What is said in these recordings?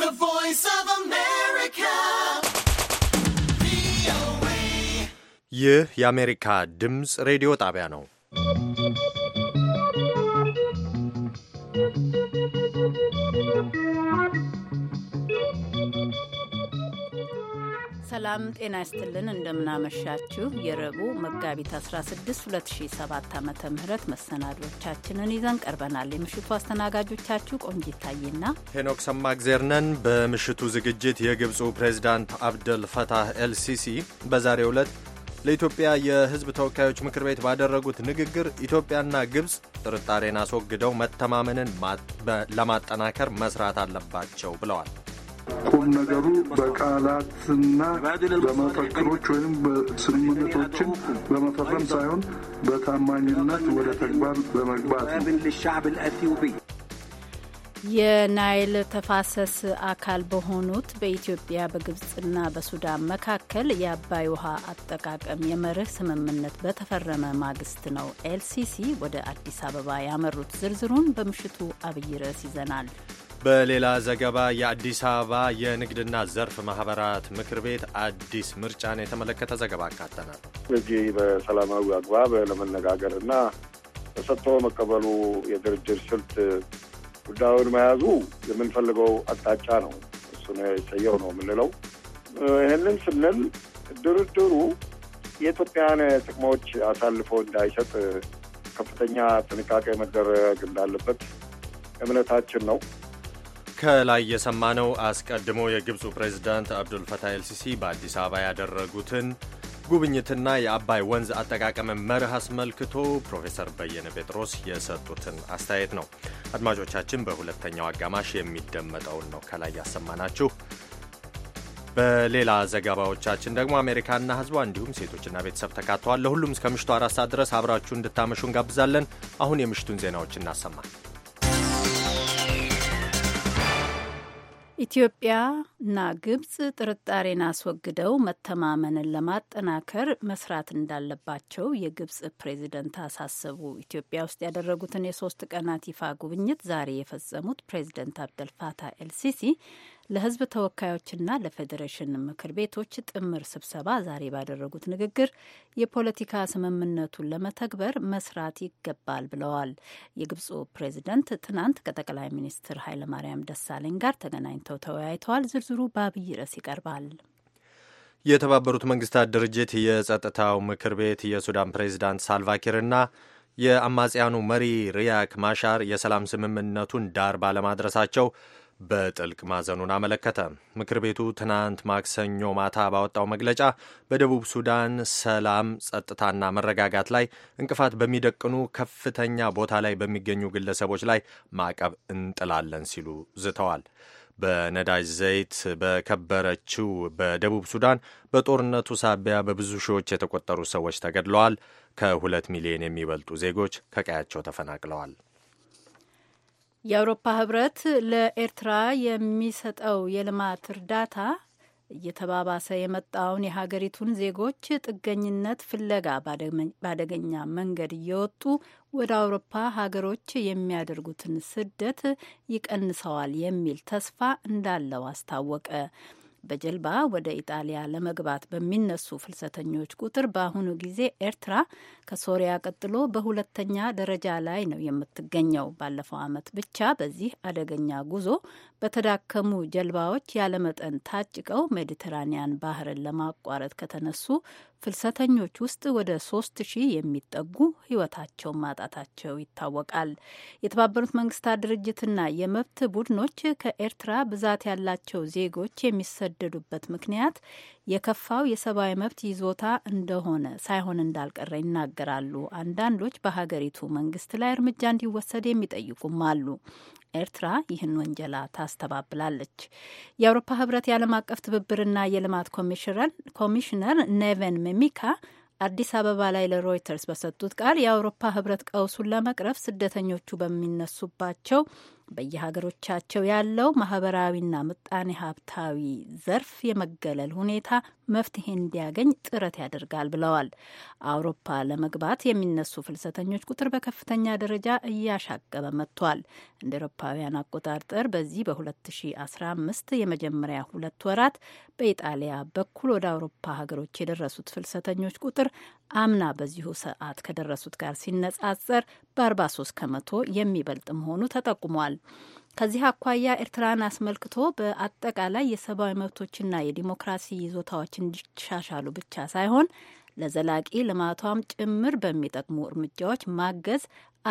The voice of America. VOA. ይህ የአሜሪካ ድምፅ ሬዲዮ ጣቢያ ሰላም ጤና ይስጥልን። እንደምናመሻችሁ የረቡዕ መጋቢት 16 2007 ዓ ም መሰናዶቻችንን ይዘን ቀርበናል። የምሽቱ አስተናጋጆቻችሁ ቆንጂት ታይና ሄኖክ ሰማግዜር ነን። በምሽቱ ዝግጅት የግብፁ ፕሬዚዳንት አብደል ፈታህ ኤልሲሲ በዛሬው ዕለት ለኢትዮጵያ የሕዝብ ተወካዮች ምክር ቤት ባደረጉት ንግግር ኢትዮጵያና ግብፅ ጥርጣሬን አስወግደው መተማመንን ለማጠናከር መስራት አለባቸው ብለዋል። ቁም ነገሩ በቃላትና በመፈክሮች ወይም በስምምነቶችን በመፈረም ሳይሆን በታማኝነት ወደ ተግባር በመግባት ነው። የናይል ተፋሰስ አካል በሆኑት በኢትዮጵያ በግብፅና በሱዳን መካከል የአባይ ውሃ አጠቃቀም የመርህ ስምምነት በተፈረመ ማግስት ነው ኤልሲሲ ወደ አዲስ አበባ ያመሩት። ዝርዝሩን በምሽቱ አብይ ርዕስ ይዘናል። በሌላ ዘገባ የአዲስ አበባ የንግድና ዘርፍ ማህበራት ምክር ቤት አዲስ ምርጫን የተመለከተ ዘገባ አካተናል። እዚህ በሰላማዊ አግባብ ለመነጋገር እና ተሰጥቶ መቀበሉ የድርድር ስልት ጉዳዩን መያዙ የምንፈልገው አቅጣጫ ነው። እሱን የሰየው ነው የምንለው። ይህንን ስንል ድርድሩ የኢትዮጵያን ጥቅሞች አሳልፎ እንዳይሰጥ ከፍተኛ ጥንቃቄ መደረግ እንዳለበት እምነታችን ነው። ከላይ የሰማነው አስቀድሞ የግብፁ ፕሬዝዳንት አብዱልፈታህ ኤልሲሲ በአዲስ አበባ ያደረጉትን ጉብኝትና የአባይ ወንዝ አጠቃቀምን መርህ አስመልክቶ ፕሮፌሰር በየነ ጴጥሮስ የሰጡትን አስተያየት ነው። አድማጮቻችን፣ በሁለተኛው አጋማሽ የሚደመጠውን ነው ከላይ ያሰማናችሁ። በሌላ ዘገባዎቻችን ደግሞ አሜሪካና ሕዝቧ እንዲሁም ሴቶችና ቤተሰብ ተካተዋል። ለሁሉም እስከ ምሽቱ አራት ሰዓት ድረስ አብራችሁ እንድታመሹ እንጋብዛለን። አሁን የምሽቱን ዜናዎች እናሰማል። ኢትዮጵያና ግብጽ ጥርጣሬን አስወግደው መተማመንን ለማጠናከር መስራት እንዳለባቸው የግብጽ ፕሬዚደንት አሳሰቡ። ኢትዮጵያ ውስጥ ያደረጉትን የሶስት ቀናት ይፋ ጉብኝት ዛሬ የፈጸሙት ፕሬዚደንት አብደልፋታ ኤልሲሲ ለህዝብ ተወካዮችና ለፌዴሬሽን ምክር ቤቶች ጥምር ስብሰባ ዛሬ ባደረጉት ንግግር የፖለቲካ ስምምነቱን ለመተግበር መስራት ይገባል ብለዋል። የግብፁ ፕሬዚደንት ትናንት ከጠቅላይ ሚኒስትር ኃይለማርያም ደሳለኝ ጋር ተገናኝተው ተወያይተዋል። ዝርዝሩ በአብይ ርዕስ ይቀርባል። የተባበሩት መንግስታት ድርጅት የጸጥታው ምክር ቤት የሱዳን ፕሬዚዳንት ሳልቫኪርና የአማጽያኑ መሪ ሪያክ ማሻር የሰላም ስምምነቱን ዳር ባለማድረሳቸው በጥልቅ ማዘኑን አመለከተ። ምክር ቤቱ ትናንት ማክሰኞ ማታ ባወጣው መግለጫ በደቡብ ሱዳን ሰላም፣ ጸጥታና መረጋጋት ላይ እንቅፋት በሚደቅኑ ከፍተኛ ቦታ ላይ በሚገኙ ግለሰቦች ላይ ማዕቀብ እንጥላለን ሲሉ ዝተዋል። በነዳጅ ዘይት በከበረችው በደቡብ ሱዳን በጦርነቱ ሳቢያ በብዙ ሺዎች የተቆጠሩ ሰዎች ተገድለዋል። ከሁለት ሚሊዮን የሚበልጡ ዜጎች ከቀያቸው ተፈናቅለዋል። የአውሮፓ ህብረት ለኤርትራ የሚሰጠው የልማት እርዳታ እየተባባሰ የመጣውን የሀገሪቱን ዜጎች ጥገኝነት ፍለጋ በአደገኛ መንገድ እየወጡ ወደ አውሮፓ ሀገሮች የሚያደርጉትን ስደት ይቀንሰዋል የሚል ተስፋ እንዳለው አስታወቀ። በጀልባ ወደ ኢጣሊያ ለመግባት በሚነሱ ፍልሰተኞች ቁጥር በአሁኑ ጊዜ ኤርትራ ከሶሪያ ቀጥሎ በሁለተኛ ደረጃ ላይ ነው የምትገኘው። ባለፈው ዓመት ብቻ በዚህ አደገኛ ጉዞ በተዳከሙ ጀልባዎች ያለመጠን ታጭቀው ሜዲትራኒያን ባህርን ለማቋረጥ ከተነሱ ፍልሰተኞች ውስጥ ወደ ሶስት ሺህ የሚጠጉ ህይወታቸው ማጣታቸው ይታወቃል። የተባበሩት መንግስታት ድርጅትና የመብት ቡድኖች ከኤርትራ ብዛት ያላቸው ዜጎች የሚሰደዱበት ምክንያት የከፋው የሰብአዊ መብት ይዞታ እንደሆነ ሳይሆን እንዳልቀረ ይናገራሉ። አንዳንዶች በሀገሪቱ መንግስት ላይ እርምጃ እንዲወሰድ የሚጠይቁም አሉ። ኤርትራ ይህን ወንጀላ ታስተባብላለች። የአውሮፓ ህብረት የዓለም አቀፍ ትብብርና የልማት ኮሚሽነር ኔቨን ሜሚካ አዲስ አበባ ላይ ለሮይተርስ በሰጡት ቃል የአውሮፓ ህብረት ቀውሱን ለመቅረፍ ስደተኞቹ በሚነሱባቸው በየሀገሮቻቸው ያለው ማህበራዊና ምጣኔ ሀብታዊ ዘርፍ የመገለል ሁኔታ መፍትሄ እንዲያገኝ ጥረት ያደርጋል ብለዋል። አውሮፓ ለመግባት የሚነሱ ፍልሰተኞች ቁጥር በከፍተኛ ደረጃ እያሻቀበ መጥቷል። እንደ አውሮፓውያን አቆጣጠር በዚህ በ2015 የመጀመሪያ ሁለት ወራት በኢጣሊያ በኩል ወደ አውሮፓ ሀገሮች የደረሱት ፍልሰተኞች ቁጥር አምና በዚሁ ሰዓት ከደረሱት ጋር ሲነጻጸር በ43 ከመቶ የሚበልጥ መሆኑ ተጠቁሟል። ከዚህ አኳያ ኤርትራን አስመልክቶ በአጠቃላይ የሰብአዊ መብቶችና የዲሞክራሲ ይዞታዎች እንዲሻሻሉ ብቻ ሳይሆን ለዘላቂ ልማቷም ጭምር በሚጠቅሙ እርምጃዎች ማገዝ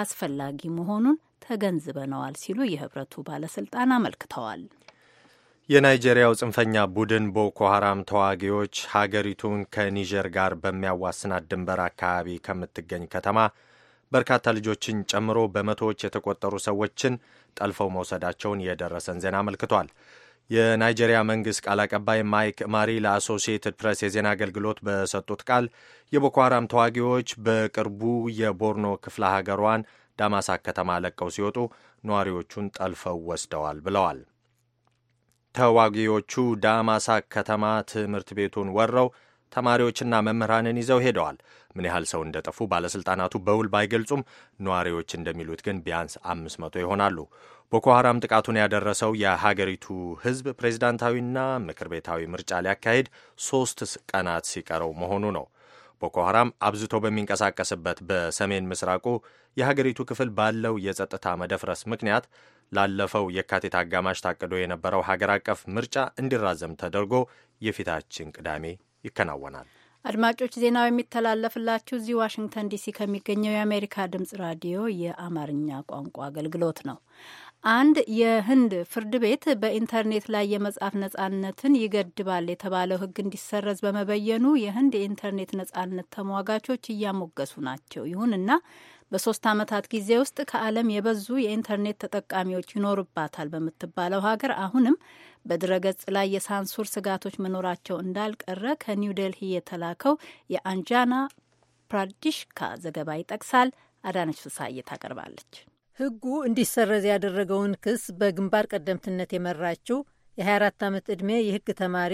አስፈላጊ መሆኑን ተገንዝበነዋል ሲሉ የህብረቱ ባለስልጣን አመልክተዋል። የናይጄሪያው ጽንፈኛ ቡድን ቦኮ ሀራም ተዋጊዎች ሀገሪቱን ከኒጀር ጋር በሚያዋስናት ድንበር አካባቢ ከምትገኝ ከተማ በርካታ ልጆችን ጨምሮ በመቶዎች የተቆጠሩ ሰዎችን ጠልፈው መውሰዳቸውን የደረሰን ዜና አመልክቷል። የናይጄሪያ መንግስት ቃል አቀባይ ማይክ ማሪ ለአሶሲየትድ ፕሬስ የዜና አገልግሎት በሰጡት ቃል የቦኮ ሀራም ተዋጊዎች በቅርቡ የቦርኖ ክፍለ ሀገሯን ዳማሳክ ከተማ ለቀው ሲወጡ ነዋሪዎቹን ጠልፈው ወስደዋል ብለዋል። ተዋጊዎቹ ዳማሳ ከተማ ትምህርት ቤቱን ወረው ተማሪዎችና መምህራንን ይዘው ሄደዋል። ምን ያህል ሰው እንደጠፉ ባለሥልጣናቱ በውል ባይገልጹም ነዋሪዎች እንደሚሉት ግን ቢያንስ አምስት መቶ ይሆናሉ። ቦኮ ሐራም ጥቃቱን ያደረሰው የሀገሪቱ ሕዝብ ፕሬዚዳንታዊና ምክር ቤታዊ ምርጫ ሊያካሂድ ሶስት ቀናት ሲቀረው መሆኑ ነው። ቦኮ ሐራም አብዝቶ በሚንቀሳቀስበት በሰሜን ምስራቁ የሀገሪቱ ክፍል ባለው የጸጥታ መደፍረስ ምክንያት ላለፈው የካቲት አጋማሽ ታቅዶ የነበረው ሀገር አቀፍ ምርጫ እንዲራዘም ተደርጎ የፊታችን ቅዳሜ ይከናወናል። አድማጮች ዜናው የሚተላለፍላችሁ እዚህ ዋሽንግተን ዲሲ ከሚገኘው የአሜሪካ ድምጽ ራዲዮ የአማርኛ ቋንቋ አገልግሎት ነው። አንድ የህንድ ፍርድ ቤት በኢንተርኔት ላይ የመጻፍ ነጻነትን ይገድባል የተባለው ሕግ እንዲሰረዝ በመበየኑ የህንድ የኢንተርኔት ነጻነት ተሟጋቾች እያሞገሱ ናቸው። ይሁንና በሶስት ዓመታት ጊዜ ውስጥ ከዓለም የበዙ የኢንተርኔት ተጠቃሚዎች ይኖርባታል በምትባለው ሀገር አሁንም በድረገጽ ላይ የሳንሱር ስጋቶች መኖራቸው እንዳልቀረ ከኒው ዴልሂ የተላከው የአንጃና ፕራዲሽካ ዘገባ ይጠቅሳል። አዳነች ፍሳዬ ታቀርባለች። ሕጉ እንዲሰረዝ ያደረገውን ክስ በግንባር ቀደምትነት የመራችው የ24 ዓመት ዕድሜ የሕግ ተማሪ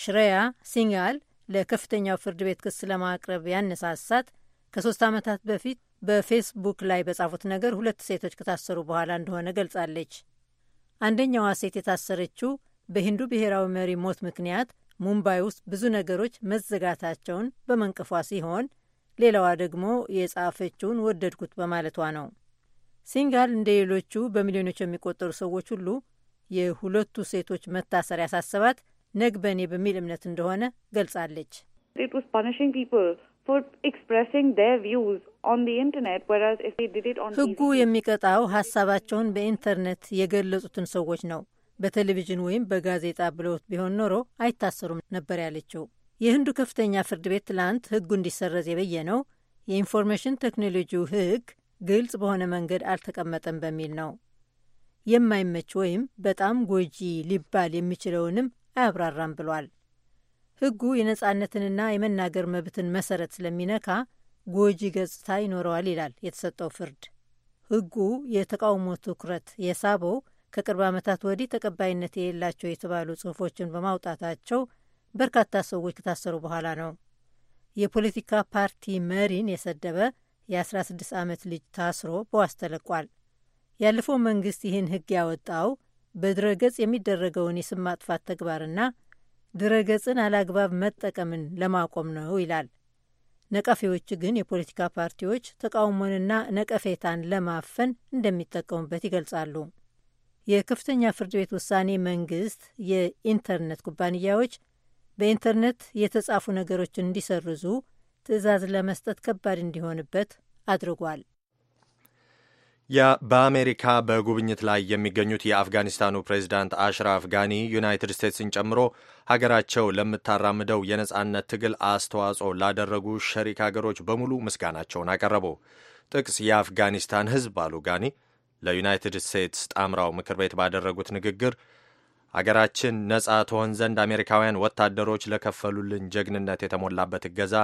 ሽሬያ ሲንጋል ለከፍተኛው ፍርድ ቤት ክስ ለማቅረብ ያነሳሳት ከሶስት ዓመታት በፊት በፌስቡክ ላይ በጻፉት ነገር ሁለት ሴቶች ከታሰሩ በኋላ እንደሆነ ገልጻለች። አንደኛዋ ሴት የታሰረችው በሂንዱ ብሔራዊ መሪ ሞት ምክንያት ሙምባይ ውስጥ ብዙ ነገሮች መዘጋታቸውን በመንቀፏ ሲሆን ሌላዋ ደግሞ የጻፈችውን ወደድኩት በማለቷ ነው። ሲንጋል እንደ ሌሎቹ በሚሊዮኖች የሚቆጠሩ ሰዎች ሁሉ የሁለቱ ሴቶች መታሰር ያሳሰባት ነግበኔ በሚል እምነት እንደሆነ ገልጻለች። ህጉ የሚቀጣው ሀሳባቸውን በኢንተርኔት የገለጹትን ሰዎች ነው። በቴሌቪዥን ወይም በጋዜጣ ብለውት ቢሆን ኖሮ አይታሰሩም ነበር ያለችው። የህንዱ ከፍተኛ ፍርድ ቤት ትላንት ህጉ እንዲሰረዝ የበየነው የኢንፎርሜሽን ቴክኖሎጂው ህግ ግልጽ በሆነ መንገድ አልተቀመጠም በሚል ነው። የማይመች ወይም በጣም ጎጂ ሊባል የሚችለውንም አያብራራም ብሏል። ሕጉ የነጻነትንና የመናገር መብትን መሰረት ስለሚነካ ጎጂ ገጽታ ይኖረዋል ይላል የተሰጠው ፍርድ። ሕጉ የተቃውሞ ትኩረት የሳበው ከቅርብ ዓመታት ወዲህ ተቀባይነት የሌላቸው የተባሉ ጽሑፎችን በማውጣታቸው በርካታ ሰዎች ከታሰሩ በኋላ ነው። የፖለቲካ ፓርቲ መሪን የሰደበ የ16 ዓመት ልጅ ታስሮ በዋስ ተለቋል። ያለፈው መንግስት ይህን ህግ ያወጣው በድረገጽ የሚደረገውን የስም ማጥፋት ተግባርና ድረገጽን አላግባብ መጠቀምን ለማቆም ነው ይላል። ነቀፌዎች ግን የፖለቲካ ፓርቲዎች ተቃውሞንና ነቀፌታን ለማፈን እንደሚጠቀሙበት ይገልጻሉ። የከፍተኛ ፍርድ ቤት ውሳኔ መንግስት የኢንተርኔት ኩባንያዎች በኢንተርኔት የተጻፉ ነገሮችን እንዲሰርዙ ትዕዛዝ ለመስጠት ከባድ እንዲሆንበት አድርጓል። በአሜሪካ በጉብኝት ላይ የሚገኙት የአፍጋኒስታኑ ፕሬዚዳንት አሽራፍ ጋኒ ዩናይትድ ስቴትስን ጨምሮ ሀገራቸው ለምታራምደው የነጻነት ትግል አስተዋጽኦ ላደረጉ ሸሪክ ሀገሮች በሙሉ ምስጋናቸውን አቀረቡ። ጥቅስ የአፍጋኒስታን ሕዝብ አሉ ጋኒ ለዩናይትድ ስቴትስ ጣምራው ምክር ቤት ባደረጉት ንግግር አገራችን ነጻ ትሆን ዘንድ አሜሪካውያን ወታደሮች ለከፈሉልን ጀግንነት የተሞላበት እገዛ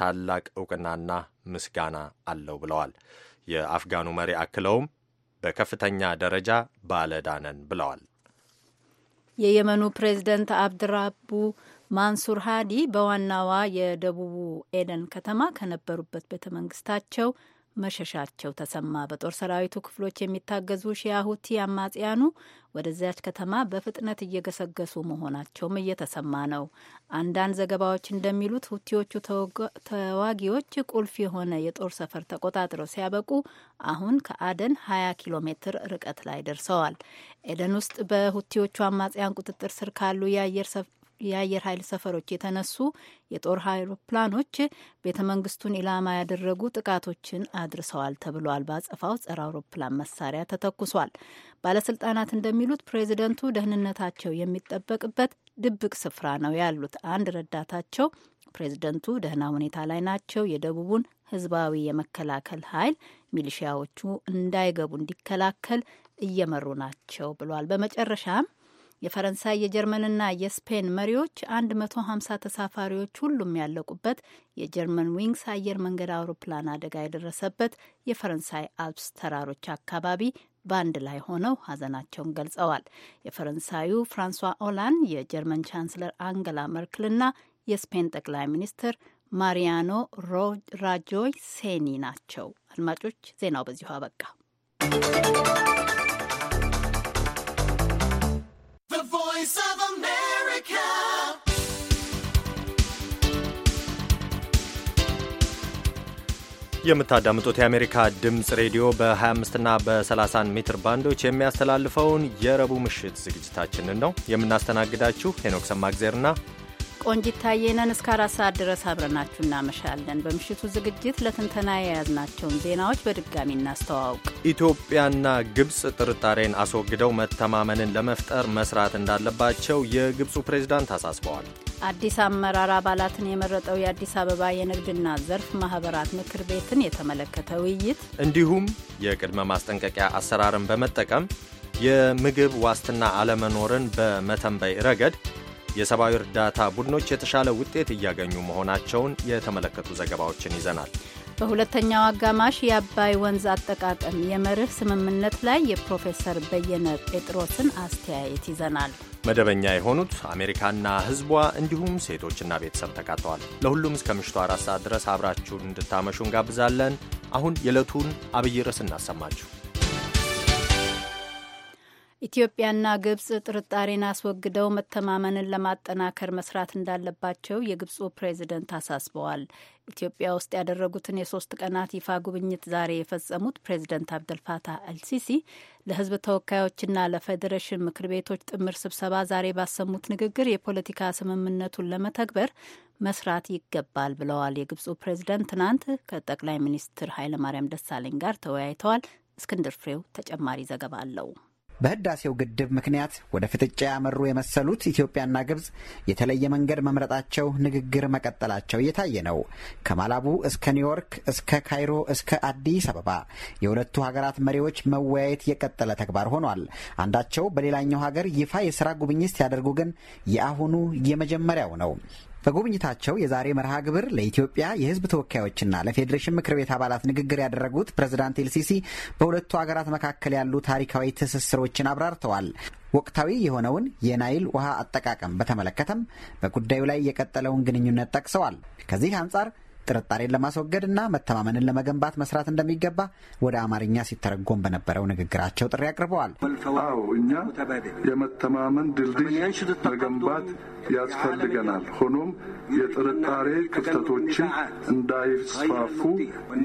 ታላቅ እውቅናና ምስጋና አለው ብለዋል። የአፍጋኑ መሪ አክለውም በከፍተኛ ደረጃ ባለዳነን ብለዋል። የየመኑ ፕሬዝደንት አብድራቡ ማንሱር ሃዲ በዋናዋ የደቡቡ ኤደን ከተማ ከነበሩበት ቤተ መንግስታቸው መሸሻቸው ተሰማ። በጦር ሰራዊቱ ክፍሎች የሚታገዙ ሺያ ሁቲ አማጽያኑ ወደዚያች ከተማ በፍጥነት እየገሰገሱ መሆናቸውም እየተሰማ ነው። አንዳንድ ዘገባዎች እንደሚሉት ሁቲዎቹ ተዋጊዎች ቁልፍ የሆነ የጦር ሰፈር ተቆጣጥረው ሲያበቁ አሁን ከአደን 20 ኪሎ ሜትር ርቀት ላይ ደርሰዋል። ኤደን ውስጥ በሁቲዎቹ አማጽያን ቁጥጥር ስር ካሉ የአየር የአየር ኃይል ሰፈሮች የተነሱ የጦር አውሮፕላኖች ቤተ መንግስቱን ኢላማ ያደረጉ ጥቃቶችን አድርሰዋል ተብሏል። በአጸፋው ጸረ አውሮፕላን መሳሪያ ተተኩሷል። ባለስልጣናት እንደሚሉት ፕሬዚደንቱ ደህንነታቸው የሚጠበቅበት ድብቅ ስፍራ ነው ያሉት አንድ ረዳታቸው ፕሬዚደንቱ ደህና ሁኔታ ላይ ናቸው፣ የደቡቡን ህዝባዊ የመከላከል ኃይል ሚሊሺያዎቹ እንዳይገቡ እንዲከላከል እየመሩ ናቸው ብሏል። በመጨረሻም የፈረንሳይ የጀርመንና የስፔን መሪዎች 150 ተሳፋሪዎች ሁሉም ያለቁበት የጀርመን ዊንግስ አየር መንገድ አውሮፕላን አደጋ የደረሰበት የፈረንሳይ አልፕስ ተራሮች አካባቢ በአንድ ላይ ሆነው ሀዘናቸውን ገልጸዋል። የፈረንሳዩ ፍራንሷ ኦላንድ፣ የጀርመን ቻንስለር አንገላ መርክልና የስፔን ጠቅላይ ሚኒስትር ማሪያኖ ራጆይ ሴኒ ናቸው። አድማጮች ዜናው በዚሁ አበቃ። Voice of America. የምታዳምጡት የአሜሪካ ድምፅ ሬዲዮ በ25 እና በ30 ሜትር ባንዶች የሚያስተላልፈውን የረቡ ምሽት ዝግጅታችንን ነው። የምናስተናግዳችሁ ሄኖክ ሰማግዜርና ቆንጂት ታየነን እስከ አራት ሰዓት ድረስ አብረናችሁ እናመሻለን። በምሽቱ ዝግጅት ለትንተና የያዝናቸውን ዜናዎች በድጋሚ እናስተዋውቅ። ኢትዮጵያና ግብፅ ጥርጣሬን አስወግደው መተማመንን ለመፍጠር መስራት እንዳለባቸው የግብፁ ፕሬዝዳንት አሳስበዋል። አዲስ አመራር አባላትን የመረጠው የአዲስ አበባ የንግድና ዘርፍ ማህበራት ምክር ቤትን የተመለከተ ውይይት እንዲሁም የቅድመ ማስጠንቀቂያ አሰራርን በመጠቀም የምግብ ዋስትና አለመኖርን በመተንበይ ረገድ የሰብአዊ እርዳታ ቡድኖች የተሻለ ውጤት እያገኙ መሆናቸውን የተመለከቱ ዘገባዎችን ይዘናል። በሁለተኛው አጋማሽ የአባይ ወንዝ አጠቃቀም የመርህ ስምምነት ላይ የፕሮፌሰር በየነ ጴጥሮስን አስተያየት ይዘናል። መደበኛ የሆኑት አሜሪካና ሕዝቧ እንዲሁም ሴቶችና ቤተሰብ ተካተዋል። ለሁሉም እስከ ምሽቱ አራት ሰዓት ድረስ አብራችሁን እንድታመሹ እንጋብዛለን። አሁን የዕለቱን አብይ ርዕስ እናሰማችሁ። ኢትዮጵያና ግብጽ ጥርጣሬን አስወግደው መተማመንን ለማጠናከር መስራት እንዳለባቸው የግብፁ ፕሬዚደንት አሳስበዋል። ኢትዮጵያ ውስጥ ያደረጉትን የሶስት ቀናት ይፋ ጉብኝት ዛሬ የፈጸሙት ፕሬዚደንት አብደልፋታህ አልሲሲ ለሕዝብ ተወካዮችና ለፌዴሬሽን ምክር ቤቶች ጥምር ስብሰባ ዛሬ ባሰሙት ንግግር የፖለቲካ ስምምነቱን ለመተግበር መስራት ይገባል ብለዋል። የግብፁ ፕሬዚደንት ትናንት ከጠቅላይ ሚኒስትር ኃይለማርያም ደሳለኝ ጋር ተወያይተዋል። እስክንድር ፍሬው ተጨማሪ ዘገባ አለው። በህዳሴው ግድብ ምክንያት ወደ ፍጥጫ ያመሩ የመሰሉት ኢትዮጵያና ግብጽ የተለየ መንገድ መምረጣቸው ንግግር መቀጠላቸው እየታየ ነው። ከማላቡ እስከ ኒውዮርክ፣ እስከ ካይሮ፣ እስከ አዲስ አበባ የሁለቱ ሀገራት መሪዎች መወያየት የቀጠለ ተግባር ሆኗል። አንዳቸው በሌላኛው ሀገር ይፋ የስራ ጉብኝት ሲያደርጉ ግን የአሁኑ የመጀመሪያው ነው። በጉብኝታቸው የዛሬ መርሃ ግብር ለኢትዮጵያ የህዝብ ተወካዮችና ለፌዴሬሽን ምክር ቤት አባላት ንግግር ያደረጉት ፕሬዝዳንት ኤልሲሲ በሁለቱ ሀገራት መካከል ያሉ ታሪካዊ ትስስሮችን አብራርተዋል። ወቅታዊ የሆነውን የናይል ውሃ አጠቃቀም በተመለከተም በጉዳዩ ላይ የቀጠለውን ግንኙነት ጠቅሰዋል። ከዚህ አንጻር ጥርጣሬን ለማስወገድ እና መተማመንን ለመገንባት መስራት እንደሚገባ ወደ አማርኛ ሲተረጎም በነበረው ንግግራቸው ጥሪ አቅርበዋል። አዎ እኛ የመተማመን ድልድይ መገንባት ያስፈልገናል። ሆኖም የጥርጣሬ ክፍተቶችን እንዳይስፋፉ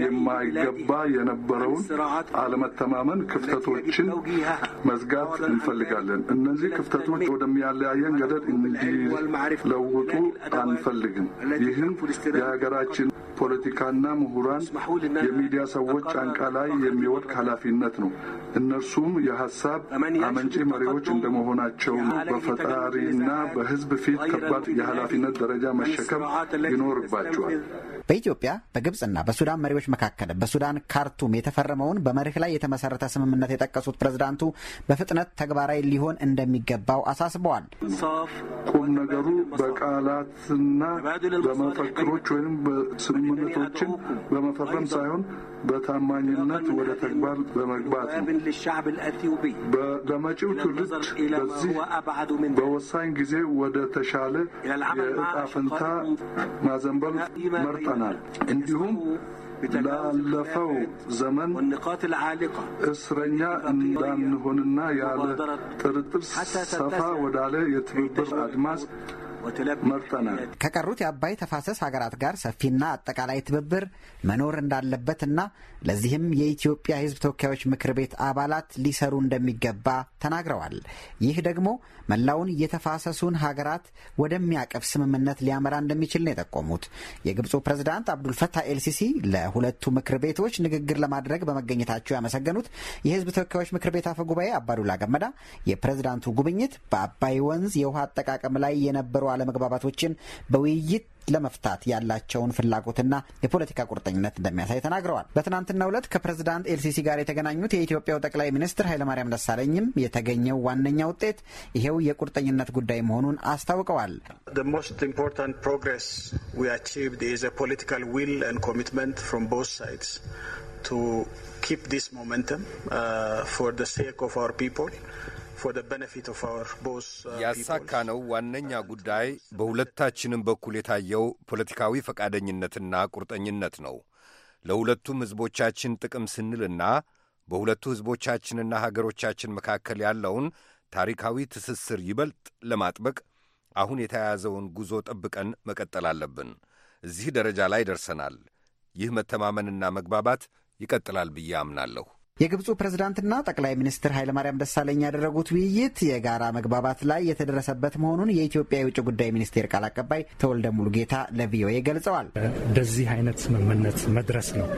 የማይገባ የነበረውን አለመተማመን ክፍተቶችን መዝጋት እንፈልጋለን። እነዚህ ክፍተቶች ወደሚያለያየን ገደል እንዲለውጡ አንፈልግም። ይህም የሀገራችን ፖለቲካና ምሁራን፣ የሚዲያ ሰዎች ጫንቃ ላይ የሚወድቅ ኃላፊነት ነው። እነርሱም የሀሳብ አመንጪ መሪዎች እንደመሆናቸው በፈጣሪና በሕዝብ ፊት ከባድ የኃላፊነት ደረጃ መሸከም ይኖርባቸዋል። በኢትዮጵያ በግብፅና በሱዳን መሪዎች መካከል በሱዳን ካርቱም የተፈረመውን በመርህ ላይ የተመሰረተ ስምምነት የጠቀሱት ፕሬዝዳንቱ በፍጥነት ተግባራዊ ሊሆን እንደሚገባው አሳስበዋል። ቁም ነገሩ በቃላትና በመፈክሮች ወይም ስምምነቶችን በመፈረም ሳይሆን በታማኝነት ወደ ተግባር በመግባት ነው። ለመጪው ትውልድ በዚህ በወሳኝ ጊዜ ወደ ተሻለ የእጣ ፈንታ ማዘንበል መርጠናል። እንዲሁም ላለፈው ዘመን እስረኛ እንዳንሆንና ያለ ጥርጥር ሰፋ ወዳለ የትብብር አድማስ መርጠናል። ከቀሩት የአባይ ተፋሰስ ሀገራት ጋር ሰፊና አጠቃላይ ትብብር መኖር እንዳለበትና ለዚህም የኢትዮጵያ ሕዝብ ተወካዮች ምክር ቤት አባላት ሊሰሩ እንደሚገባ ተናግረዋል። ይህ ደግሞ መላውን የተፋሰሱን ሀገራት ወደሚያቀፍ ስምምነት ሊያመራ እንደሚችል ነው የጠቆሙት። የግብፁ ፕሬዝዳንት አብዱልፈታህ ኤልሲሲ ለሁለቱ ምክር ቤቶች ንግግር ለማድረግ በመገኘታቸው ያመሰገኑት የህዝብ ተወካዮች ምክር ቤት አፈ ጉባኤ አባዱላ ገመዳ የፕሬዝዳንቱ ጉብኝት በአባይ ወንዝ የውሃ አጠቃቀም ላይ የነበሩ አለመግባባቶችን በውይይት ለመፍታት ያላቸውን ፍላጎትና የፖለቲካ ቁርጠኝነት እንደሚያሳይ ተናግረዋል። በትናንትናው ዕለት ከፕሬዝዳንት ኤልሲሲ ጋር የተገናኙት የኢትዮጵያው ጠቅላይ ሚኒስትር ኃይለማርያም ደሳለኝም የተገኘው ዋነኛ ውጤት ይሄው የቁርጠኝነት ጉዳይ መሆኑን አስታውቀዋል። ስ Uh, ነው ዋነኛ ጉዳይ በሁለታችንም በኩል የታየው ፖለቲካዊ ፈቃደኝነትና ቁርጠኝነት ነው። ለሁለቱም ሕዝቦቻችን ጥቅም ስንልና በሁለቱ ሕዝቦቻችንና ሀገሮቻችን መካከል ያለውን ታሪካዊ ትስስር ይበልጥ ለማጥበቅ አሁን የተያያዘውን ጉዞ ጠብቀን መቀጠል አለብን። እዚህ ደረጃ ላይ ደርሰናል። ይህ መተማመንና መግባባት ይቀጥላል ብዬ አምናለሁ። የግብፁ ፕሬዝዳንትና ጠቅላይ ሚኒስትር ኃይለማርያም ደሳለኝ ያደረጉት ውይይት የጋራ መግባባት ላይ የተደረሰበት መሆኑን የኢትዮጵያ የውጭ ጉዳይ ሚኒስቴር ቃል አቀባይ ተወልደ ሙሉጌታ ለቪኦኤ ገልጸዋል። እንደዚህ አይነት ስምምነት መድረስ ነው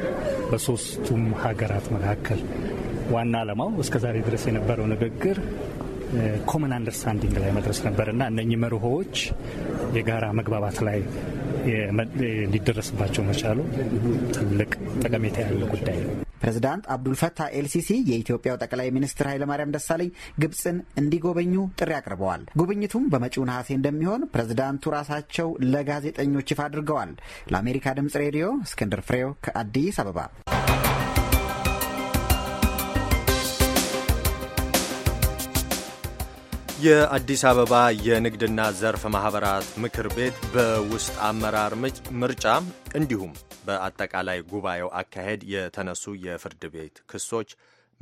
በሶስቱም ሀገራት መካከል ዋና ዓላማው። እስከዛሬ ድረስ የነበረው ንግግር ኮመን አንደርስታንዲንግ ላይ መድረስ ነበርና እነኚህ መርሆዎች የጋራ መግባባት ላይ ሊደረስባቸው መቻሉ ትልቅ ጠቀሜታ ያለው ጉዳይ ነው። ፕሬዝዳንት አብዱልፈታህ ኤልሲሲ የኢትዮጵያው ጠቅላይ ሚኒስትር ኃይለማርያም ደሳለኝ ግብፅን እንዲጎበኙ ጥሪ አቅርበዋል። ጉብኝቱም በመጪው ነሐሴ እንደሚሆን ፕሬዝዳንቱ ራሳቸው ለጋዜጠኞች ይፋ አድርገዋል። ለአሜሪካ ድምፅ ሬዲዮ እስክንድር ፍሬው ከአዲስ አበባ የአዲስ አበባ የንግድና ዘርፍ ማኅበራት ምክር ቤት በውስጥ አመራር ምርጫ እንዲሁም በአጠቃላይ ጉባኤው አካሄድ የተነሱ የፍርድ ቤት ክሶች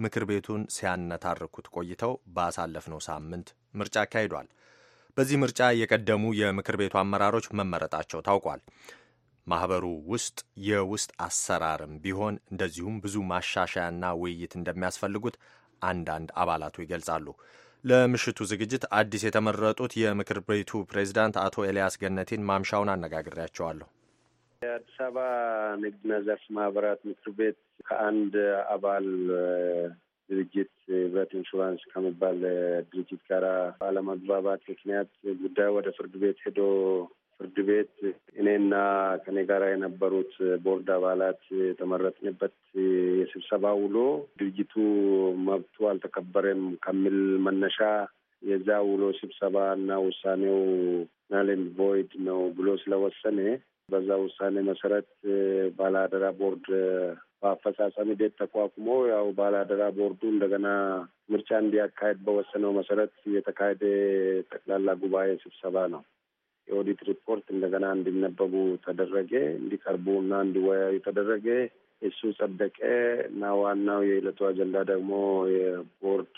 ምክር ቤቱን ሲያነታርኩት ቆይተው ባሳለፍነው ሳምንት ምርጫ አካሂዷል። በዚህ ምርጫ የቀደሙ የምክር ቤቱ አመራሮች መመረጣቸው ታውቋል። ማኅበሩ ውስጥ የውስጥ አሰራርም ቢሆን እንደዚሁም ብዙ ማሻሻያና ውይይት እንደሚያስፈልጉት አንዳንድ አባላቱ ይገልጻሉ። ለምሽቱ ዝግጅት አዲስ የተመረጡት የምክር ቤቱ ፕሬዚዳንት አቶ ኤልያስ ገነቴን ማምሻውን አነጋግሬያቸዋለሁ። የአዲስ አበባ ንግድና ዘርፍ ማህበራት ምክር ቤት ከአንድ አባል ድርጅት ህብረት ኢንሹራንስ ከሚባል ድርጅት ጋር አለመግባባት ምክንያት ጉዳዩ ወደ ፍርድ ቤት ሄዶ ፍርድ ቤት እኔና ከኔ ጋር የነበሩት ቦርድ አባላት የተመረጥንበት የስብሰባ ውሎ ድርጅቱ መብቱ አልተከበረም ከሚል መነሻ የዛ ውሎ ስብሰባ እና ውሳኔው ናሌን ቮይድ ነው ብሎ ስለወሰነ በዛ ውሳኔ መሰረት ባለአደራ ቦርድ በአፈጻጸም ሂደት ተቋቁሞ ያው ባለአደራ ቦርዱ እንደገና ምርጫ እንዲያካሄድ በወሰነው መሰረት የተካሄደ ጠቅላላ ጉባኤ ስብሰባ ነው። የኦዲት ሪፖርት እንደገና እንዲነበቡ ተደረገ፣ እንዲቀርቡ እና እንዲወያዩ ተደረገ። እሱ ጸደቀ እና ዋናው የዕለቱ አጀንዳ ደግሞ የቦርድ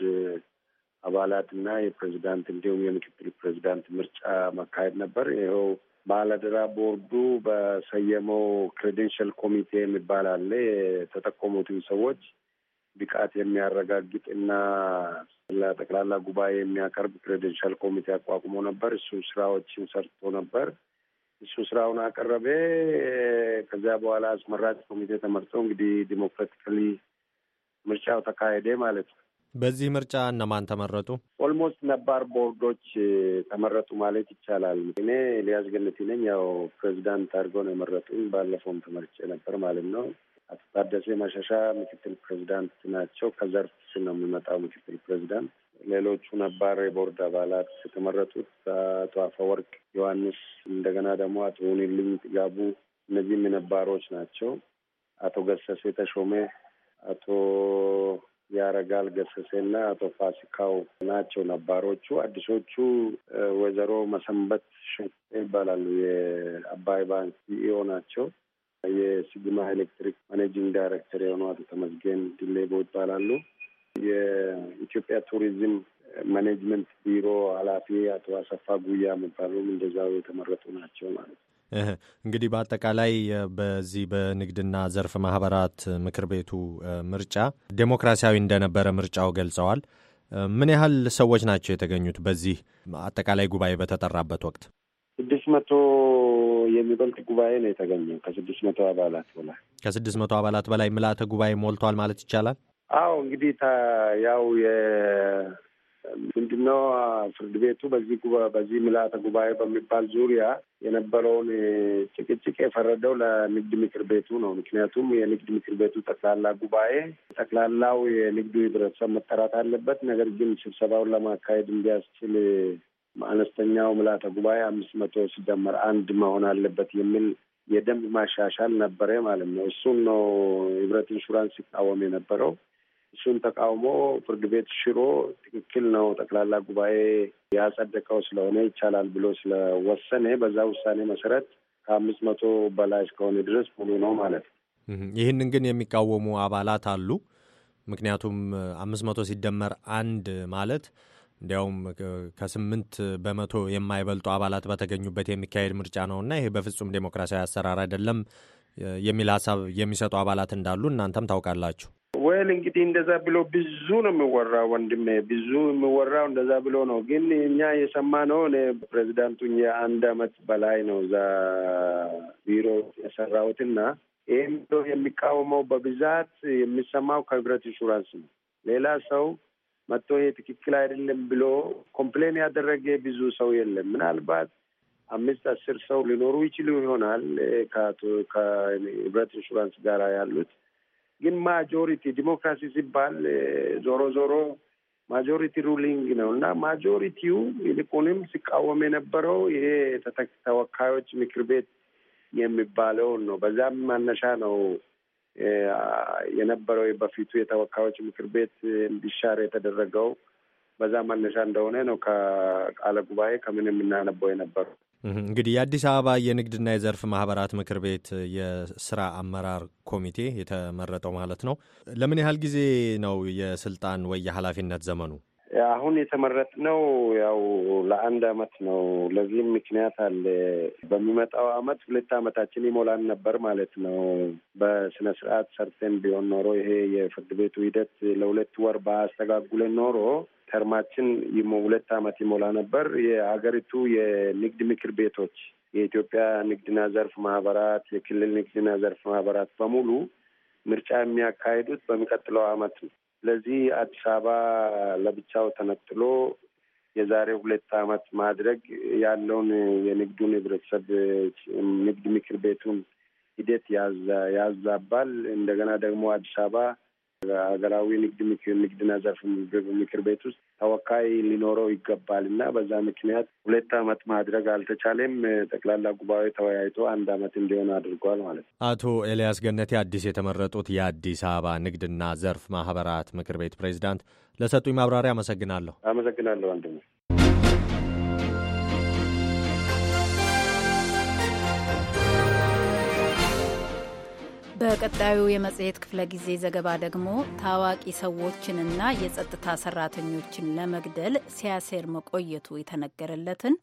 አባላትና የፕሬዚዳንት እንዲሁም የምክትል ፕሬዚዳንት ምርጫ መካሄድ ነበር። ይኸው ባለድራ ቦርዱ በሰየመው ክሬዴንሻል ኮሚቴ የሚባል አለ። የተጠቆሙትን ሰዎች ብቃት የሚያረጋግጥ እና ለጠቅላላ ጉባኤ የሚያቀርብ ፕሬዚደንሻል ኮሚቴ አቋቁሞ ነበር። እሱ ስራዎችን ሰርቶ ነበር። እሱ ስራውን አቀረበ። ከዚያ በኋላ አስመራጭ ኮሚቴ ተመርጦ እንግዲህ ዲሞክራቲካሊ ምርጫው ተካሄደ ማለት ነው። በዚህ ምርጫ እነማን ተመረጡ? ኦልሞስት ነባር ቦርዶች ተመረጡ ማለት ይቻላል። እኔ ኤልያስ ገነቲ ነኝ። ያው ፕሬዚዳንት አድርገው ነው የመረጡኝ። ባለፈውም ተመርጬ ነበር ማለት ነው። አቶ ታደሰ መሸሻ ምክትል ፕሬዚዳንት ናቸው። ከዘርፍ ነው የሚመጣው ምክትል ፕሬዚዳንት። ሌሎቹ ነባር የቦርድ አባላት የተመረጡት አቶ አፈወርቅ ዮሐንስ፣ እንደገና ደግሞ አቶ ሁኒልኝ ጥጋቡ፣ እነዚህም የነባሮች ናቸው። አቶ ገሰሴ ተሾሜ፣ አቶ ያረጋል እና አቶ ፋሲካው ናቸው ነባሮቹ። አዲሶቹ ወይዘሮ መሰንበት ሸ ይባላሉ የአባይ ባንክ ሲኢኦ ናቸው። የሲግማ ኤሌክትሪክ ማኔጂንግ ዳይሬክተር የሆኑ አቶ ተመስገን ድሌቦ ይባላሉ። የኢትዮጵያ ቱሪዝም ማኔጅመንት ቢሮ ኃላፊ አቶ አሰፋ ጉያ የሚባሉም እንደዛው የተመረጡ ናቸው ማለት ነው። እንግዲህ በአጠቃላይ በዚህ በንግድና ዘርፍ ማህበራት ምክር ቤቱ ምርጫ ዴሞክራሲያዊ እንደነበረ ምርጫው ገልጸዋል። ምን ያህል ሰዎች ናቸው የተገኙት? በዚህ አጠቃላይ ጉባኤ በተጠራበት ወቅት ስድስት መቶ የሚበልጥ ጉባኤ ነው የተገኘው። ከስድስት መቶ አባላት በላይ ከስድስት መቶ አባላት በላይ ምልአተ ጉባኤ ሞልቷል ማለት ይቻላል። አዎ እንግዲህ ያው ምንድነው ፍርድ ቤቱ በዚህ በዚህ ምልአተ ጉባኤ በሚባል ዙሪያ የነበረውን ጭቅጭቅ የፈረደው ለንግድ ምክር ቤቱ ነው። ምክንያቱም የንግድ ምክር ቤቱ ጠቅላላ ጉባኤ ጠቅላላው የንግዱ ህብረተሰብ መጠራት አለበት። ነገር ግን ስብሰባውን ለማካሄድ እንዲያስችል አነስተኛው ምልዓተ ጉባኤ አምስት መቶ ሲደመር አንድ መሆን አለበት የሚል የደንብ ማሻሻል ነበረ ማለት ነው። እሱን ነው ህብረት ኢንሹራንስ ሲቃወም የነበረው። እሱን ተቃውሞ ፍርድ ቤት ሽሮ ትክክል ነው ጠቅላላ ጉባኤ ያጸደቀው ስለሆነ ይቻላል ብሎ ስለወሰነ በዛ ውሳኔ መሰረት ከአምስት መቶ በላይ እስከሆነ ድረስ ሙሉ ነው ማለት ነው። ይህንን ግን የሚቃወሙ አባላት አሉ። ምክንያቱም አምስት መቶ ሲደመር አንድ ማለት እንዲያውም ከስምንት በመቶ የማይበልጡ አባላት በተገኙበት የሚካሄድ ምርጫ እና ይሄ በፍጹም ዴሞክራሲያዊ አሰራር አይደለም የሚል ሀሳብ የሚሰጡ አባላት እንዳሉ እናንተም ታውቃላችሁ። ወይል እንግዲህ እንደዛ ብሎ ብዙ ነው የሚወራው ወንድሜ፣ ብዙ የሚወራው እንደዛ ብሎ ነው። ግን እኛ የሰማነው ፕሬዚዳንቱ የአንድ አመት በላይ ነው እዛ ቢሮ የሰራሁትና ይህም የሚቃወመው በብዛት የሚሰማው ከህብረት ኢንሹራንስ ነው። ሌላ ሰው መጥቶ ይሄ ትክክል አይደለም ብሎ ኮምፕሌን ያደረገ ብዙ ሰው የለም። ምናልባት አምስት አስር ሰው ሊኖሩ ይችሉ ይሆናል ከህብረት ኢንሹራንስ ጋር ያሉት ግን ማጆሪቲ ዲሞክራሲ ሲባል ዞሮ ዞሮ ማጆሪቲ ሩሊንግ ነው እና ማጆሪቲው ይልቁንም ሲቃወም የነበረው ይሄ ተወካዮች ምክር ቤት የሚባለውን ነው። በዛም ማነሻ ነው የነበረው በፊቱ የተወካዮች ምክር ቤት እንዲሻር የተደረገው በዛ መነሻ እንደሆነ ነው ከቃለ ጉባኤ ከምን የምናነበው የነበረው። እንግዲህ የአዲስ አበባ የንግድና የዘርፍ ማህበራት ምክር ቤት የስራ አመራር ኮሚቴ የተመረጠው ማለት ነው። ለምን ያህል ጊዜ ነው የስልጣን ወይ የኃላፊነት ዘመኑ? አሁን የተመረጥነው ያው ለአንድ አመት ነው። ለዚህም ምክንያት አለ። በሚመጣው አመት ሁለት አመታችን ይሞላን ነበር ማለት ነው። በስነ ስርዓት ሰርተን ቢሆን ኖሮ ይሄ የፍርድ ቤቱ ሂደት ለሁለት ወር ባያስተጋጉለን ኖሮ ተርማችን ሁለት አመት ይሞላ ነበር። የሀገሪቱ የንግድ ምክር ቤቶች የኢትዮጵያ ንግድና ዘርፍ ማህበራት፣ የክልል ንግድና ዘርፍ ማህበራት በሙሉ ምርጫ የሚያካሂዱት በሚቀጥለው አመት ነው። ለዚህ አዲስ አበባ ለብቻው ተነጥሎ የዛሬ ሁለት ዓመት ማድረግ ያለውን የንግዱን ህብረተሰብ ንግድ ምክር ቤቱን ሂደት ያዛባል። እንደገና ደግሞ አዲስ አበባ በሀገራዊ ንግድ ንግድና ዘርፍ ምክር ቤት ውስጥ ተወካይ ሊኖረው ይገባል እና በዛ ምክንያት ሁለት አመት ማድረግ አልተቻለም። ጠቅላላ ጉባኤ ተወያይቶ አንድ አመት እንዲሆን አድርጓል ማለት ነው። አቶ ኤልያስ ገነቴ አዲስ የተመረጡት የአዲስ አበባ ንግድና ዘርፍ ማህበራት ምክር ቤት ፕሬዚዳንት፣ ለሰጡኝ ማብራሪያ አመሰግናለሁ። አመሰግናለሁ ወንድሜ። በቀጣዩ የመጽሔት ክፍለ ጊዜ ዘገባ ደግሞ ታዋቂ ሰዎችንና የጸጥታ ሰራተኞችን ለመግደል ሲያሴር መቆየቱ የተነገረለትን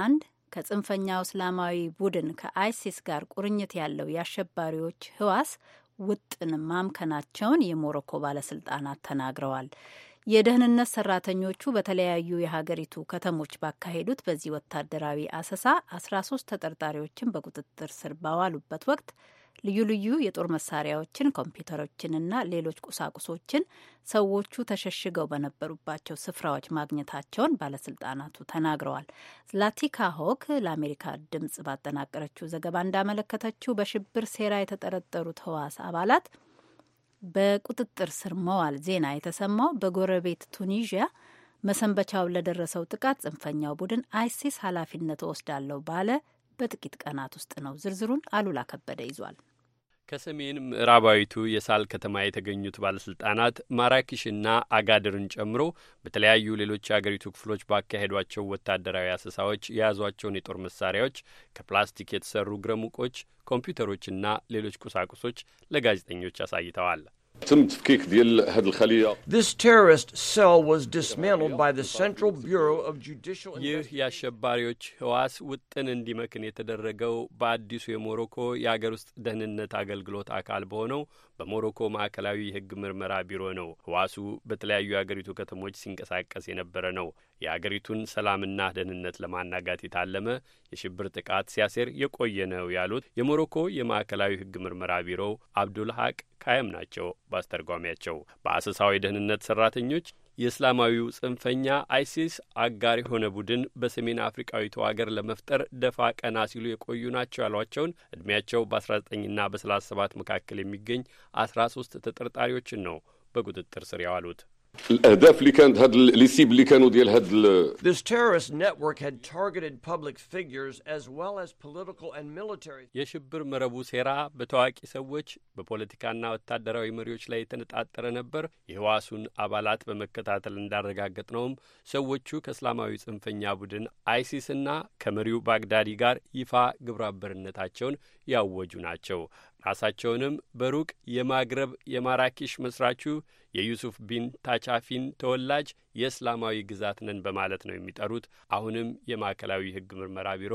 አንድ ከጽንፈኛው እስላማዊ ቡድን ከአይሲስ ጋር ቁርኝት ያለው የአሸባሪዎች ህዋስ ውጥን ማምከናቸውን የሞሮኮ ባለስልጣናት ተናግረዋል። የደህንነት ሰራተኞቹ በተለያዩ የሀገሪቱ ከተሞች ባካሄዱት በዚህ ወታደራዊ አሰሳ 13 ተጠርጣሪዎችን በቁጥጥር ስር ባዋሉበት ወቅት ልዩ ልዩ የጦር መሳሪያዎችን፣ ኮምፒውተሮችንና ሌሎች ቁሳቁሶችን ሰዎቹ ተሸሽገው በነበሩባቸው ስፍራዎች ማግኘታቸውን ባለስልጣናቱ ተናግረዋል። ዝላቲካ ሆክ ለአሜሪካ ድምጽ ባጠናቀረችው ዘገባ እንዳመለከተችው በሽብር ሴራ የተጠረጠሩት ህዋስ አባላት በቁጥጥር ስር መዋል ዜና የተሰማው በጎረቤት ቱኒዥያ መሰንበቻው ለደረሰው ጥቃት ጽንፈኛው ቡድን አይሲስ ኃላፊነት ወስዳለሁ ባለ በጥቂት ቀናት ውስጥ ነው። ዝርዝሩን አሉላ ከበደ ይዟል። ከሰሜን ምዕራባዊቱ የሳል ከተማ የተገኙት ባለስልጣናት ማራኪሽና አጋድርን ጨምሮ በተለያዩ ሌሎች የአገሪቱ ክፍሎች ባካሄዷቸው ወታደራዊ አሰሳዎች የያዟቸውን የጦር መሳሪያዎች፣ ከፕላስቲክ የተሰሩ ግረሙቆች፣ ኮምፒውተሮችና ሌሎች ቁሳቁሶች ለጋዜጠኞች አሳይተዋል። This terrorist cell was dismantled by the Central Bureau of Judicial ይህ የአሸባሪዎች ህዋስ ውጥን እንዲመክን የተደረገው በአዲሱ የሞሮኮ የአገር ውስጥ ደህንነት አገልግሎት አካል በሆነው በሞሮኮ ማዕከላዊ የህግ ምርመራ ቢሮ ነው። ህዋሱ በተለያዩ የአገሪቱ ከተሞች ሲንቀሳቀስ የነበረ ነው። የአገሪቱን ሰላምና ደህንነት ለማናጋት የታለመ የሽብር ጥቃት ሲያሴር የቆየ ነው ያሉት የሞሮኮ የማዕከላዊ ህግ ምርመራ ቢሮው አብዱል ሀቅ ካየም ናቸው። በአስተርጓሚያቸው በአሰሳዊ ደህንነት ሰራተኞች የእስላማዊው ጽንፈኛ አይሲስ አጋር የሆነ ቡድን በሰሜን አፍሪካዊቱ አገር ለመፍጠር ደፋ ቀና ሲሉ የቆዩ ናቸው ያሏቸውን ዕድሜያቸው በ19ና በ37 መካከል የሚገኝ 13 ተጠርጣሪዎችን ነው በቁጥጥር ስር ያዋሉት። الاهداف اللي كانت هاد لي سيب اللي كانوا ديال هاد This terrorist network had targeted public figures as well as political and military የሽብር መረቡ ሴራ በታዋቂ ሰዎች በፖለቲካና ወታደራዊ መሪዎች ላይ የተነጣጠረ ነበር። የህዋሱን አባላት በመከታተል እንዳረጋገጥ ነውም ሰዎቹ ከእስላማዊ ጽንፈኛ ቡድን አይሲስና ከመሪው ባግዳዲ ጋር ይፋ ግብረ አበርነታቸውን ያወጁ ናቸው። ራሳቸውንም በሩቅ የማግረብ የማራኬሽ መስራቹ የዩሱፍ ቢን ታቻፊን ተወላጅ የእስላማዊ ግዛት ነን በማለት ነው የሚጠሩት። አሁንም የማዕከላዊ ሕግ ምርመራ ቢሮ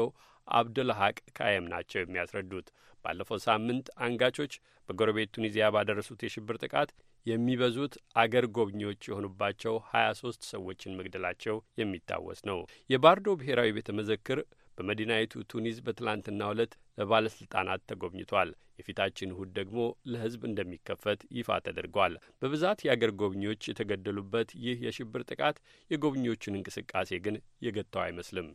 አብዱልሐቅ ሀቅ ካየም ናቸው የሚያስረዱት። ባለፈው ሳምንት አንጋቾች በጎረቤት ቱኒዚያ ባደረሱት የሽብር ጥቃት የሚበዙት አገር ጎብኚዎች የሆኑባቸው ሀያ ሶስት ሰዎችን መግደላቸው የሚታወስ ነው። የባርዶ ብሔራዊ ቤተ መዘክር በመዲናይቱ ቱኒዝ በትላንትና ዕለት ለባለሥልጣናት ተጎብኝቷል። የፊታችን እሁድ ደግሞ ለሕዝብ እንደሚከፈት ይፋ ተደርጓል። በብዛት የአገር ጎብኚዎች የተገደሉበት ይህ የሽብር ጥቃት የጎብኚዎቹን እንቅስቃሴ ግን የገታው አይመስልም።